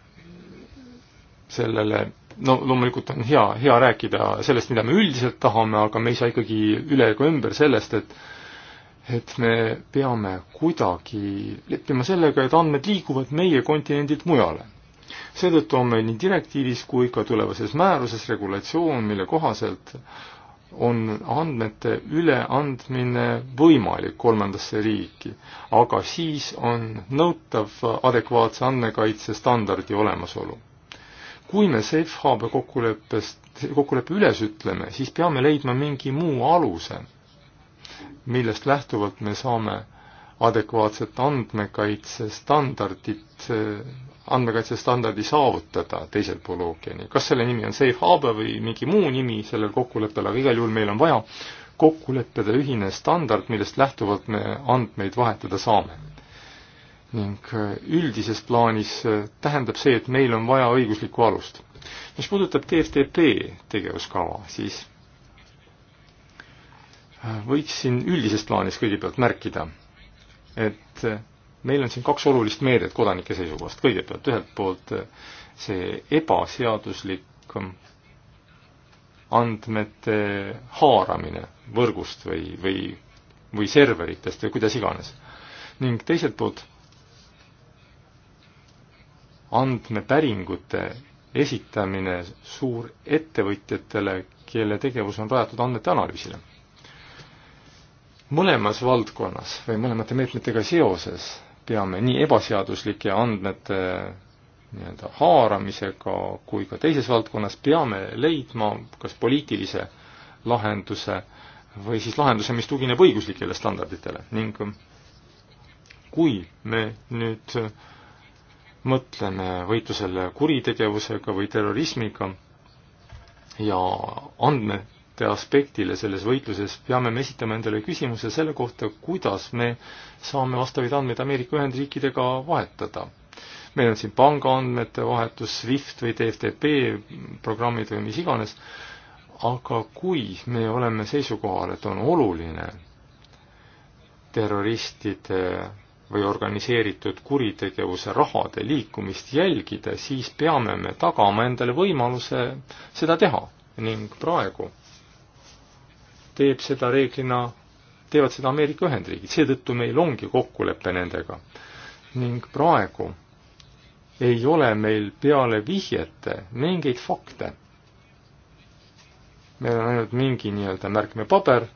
sellele, no loomulikult on hea, hea rääkida sellest, mida me üldiselt tahame, aga me ei saa ikkagi üle ega ümber sellest, et et me peame kuidagi leppima sellega, et andmed liiguvad meie kontinendilt mujale. seetõttu on meil nii direktiivis kui ka tulevases määruses regulatsioon, mille kohaselt on andmete üleandmine võimalik kolmandasse riiki, aga siis on nõutav adekvaatse andmekaitse standardi olemasolu. kui me Safe Harbor kokkuleppest, kokkuleppe üles ütleme, siis peame leidma mingi muu aluse millest lähtuvalt me saame adekvaatset andmekaitsestandardit, andmekaitsestandardi saavutada teisel pool ookeani. kas selle nimi on safe harbor või mingi muu nimi sellel kokkuleppel, aga igal juhul meil on vaja kokku leppida ühine standard, millest lähtuvalt me andmeid vahetada saame. ning äh, üldises plaanis äh, tähendab see, et meil on vaja õiguslikku alust. mis puudutab TFTP tegevuskava, siis võiksin üldises plaanis kõigepealt märkida, et meil on siin kaks olulist meedet kodanike seisukohast. kõigepealt ühelt poolt see ebaseaduslik andmete haaramine võrgust või, või, või serveritest või kuidas iganes. ning teiselt poolt andmepäringute esitamine suurettevõtjatele, kelle tegevus on rajatud andmete analüüsile mõlemas valdkonnas või mõlemate meetmetega seoses peame nii ebaseaduslike andmete nii-öelda haaramisega kui ka teises valdkonnas peame leidma kas poliitilise lahenduse või siis lahenduse, mis tugineb õiguslikele standarditele ning kui me nüüd mõtleme võitlusele kuritegevusega või terrorismiga ja andme, aspektile selles võitluses, peame me esitama endale küsimuse selle kohta, kuidas me saame vastavaid andmeid Ameerika Ühendriikidega vahetada. meil on siin pangaandmete vahetus, SWIFT või TFTP programmid või mis iganes, aga kui me oleme seisukohal, et on oluline terroristide või organiseeritud kuritegevuse rahade liikumist jälgida, siis peame me tagama endale võimaluse seda teha ning praegu teeb seda reeglina, teevad seda Ameerika Ühendriigid, seetõttu meil ongi kokkulepe nendega. ning praegu ei ole meil peale vihjete mingeid fakte. meil on ainult mingi nii-öelda märkmepaber,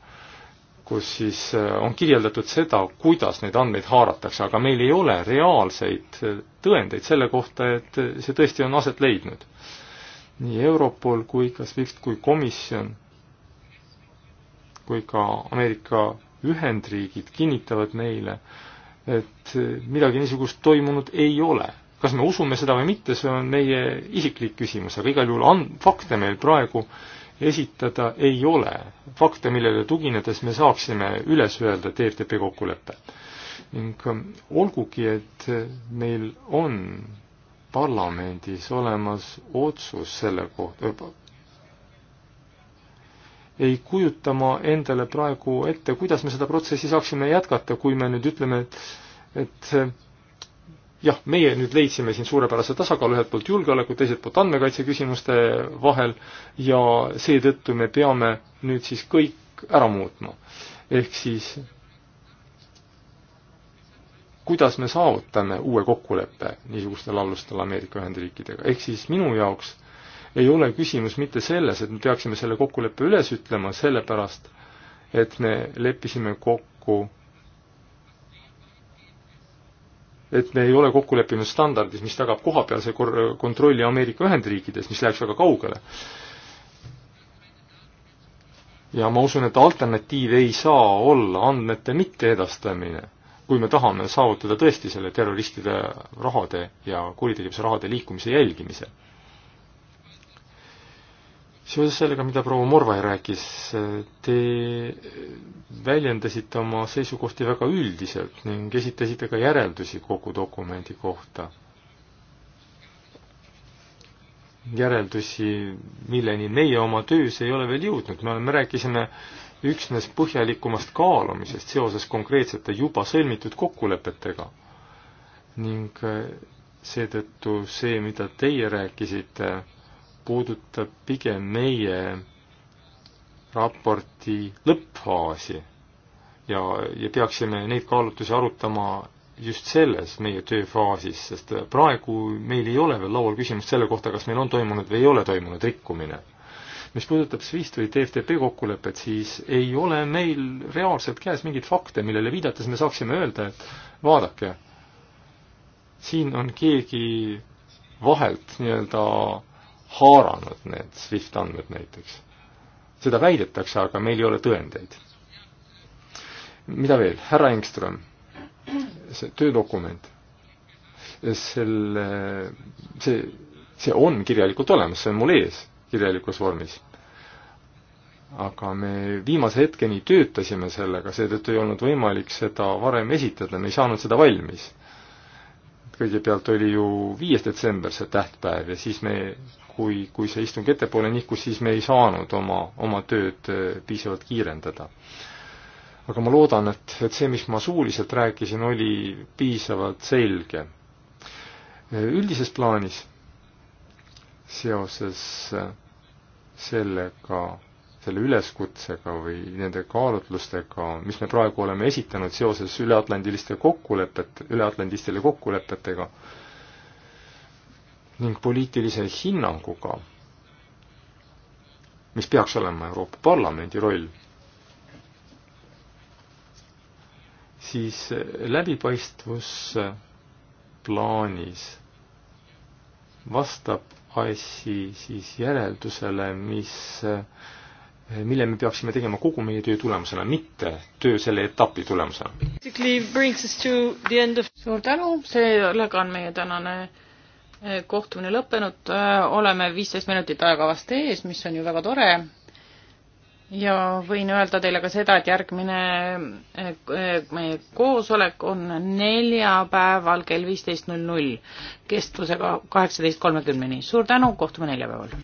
kus siis äh, on kirjeldatud seda, kuidas neid andmeid haaratakse, aga meil ei ole reaalseid äh, tõendeid selle kohta, et äh, see tõesti on aset leidnud. nii Europol kui ka SWIFT kui komisjon kui ka Ameerika Ühendriigid kinnitavad meile, et midagi niisugust toimunud ei ole. kas me usume seda või mitte, see on meie isiklik küsimus, aga igal juhul on fakte meil praegu esitada ei ole. fakte, millele tuginedes me saaksime üles öelda TFTP kokkuleppe. ning ähm, olgugi, et meil on parlamendis olemas otsus selle kohta, ei kujuta ma endale praegu ette, kuidas me seda protsessi saaksime jätkata, kui me nüüd ütleme, et, et jah, meie nüüd leidsime siin suurepärase tasakaalu ühelt poolt julgeoleku, teiselt poolt andmekaitse küsimuste vahel ja seetõttu me peame nüüd siis kõik ära muutma. ehk siis kuidas me saavutame uue kokkuleppe niisugustel alustel Ameerika Ühendriikidega, ehk siis minu jaoks ei ole küsimus mitte selles, et me peaksime selle kokkuleppe üles ütlema, sellepärast et me leppisime kokku, et me ei ole kokku leppinud standardis, mis tagab kohapealse kor-, kontrolli Ameerika Ühendriikides, mis läheks väga kaugele. ja ma usun, et alternatiiv ei saa olla andmete mitteedastamine kui me tahame saavutada tõesti selle terroristide rahade ja kuritegevuse rahade liikumise jälgimise seoses sellega, mida proua Morvai rääkis, te väljendasite oma seisukohti väga üldiselt ning esitasite ka järeldusi kogu dokumendi kohta. järeldusi, milleni meie oma töös ei ole veel jõudnud, me oleme, rääkisime üksnes põhjalikumast kaalumisest seoses konkreetsete juba sõlmitud kokkulepetega ning seetõttu see, mida teie rääkisite, puudutab pigem meie raporti lõppfaasi ja, ja peaksime neid kaalutlusi arutama just selles meie tööfaasis, sest praegu meil ei ole veel laual küsimust selle kohta, kas meil on toimunud või ei ole toimunud rikkumine. mis puudutab SWIFT või TFTP kokkulepet, siis ei ole meil reaalselt käes mingeid fakte, millele viidates me saaksime öelda, et vaadake, siin on keegi vahelt nii-öelda haaranud need SWIFT andmed näiteks. seda väidetakse, aga meil ei ole tõendeid. mida veel, härra Engström, see töödokument, selle, see, see on kirjalikult olemas, see on mul ees kirjalikus vormis aga me viimase hetkeni töötasime sellega, seetõttu ei olnud võimalik seda varem esitada, me ei saanud seda valmis kõigepealt oli ju viies detsember see tähtpäev ja siis me, kui, kui see istung ettepoole nihkus, siis me ei saanud oma, oma tööd äh, piisavalt kiirendada. aga ma loodan, et, et see, mis ma suuliselt rääkisin, oli piisavalt selge. Äh, üldises plaanis seoses äh, sellega selle üleskutsega või nende kaalutlustega, mis me praegu oleme esitanud seoses üleatlandiliste kokkulepet, üleatlandistele kokkulepetega ning poliitilise hinnanguga, mis peaks olema Euroopa Parlamendi roll, siis läbipaistvusplaanis vastab asi siis järeldusele, mis äh, mille me peaksime tegema kogu meie töö tulemusena, mitte töö selle etapi tulemusena. suur tänu, sellega on meie tänane eh, kohtumine lõppenud, eh, oleme viisteist minutit ajakavast ees, mis on ju väga tore. ja võin öelda teile ka seda, et järgmine eh, meie koosolek on neljapäeval kell viisteist null null kestusega kaheksateist kolmekümneni. suur tänu, kohtume neljapäeval.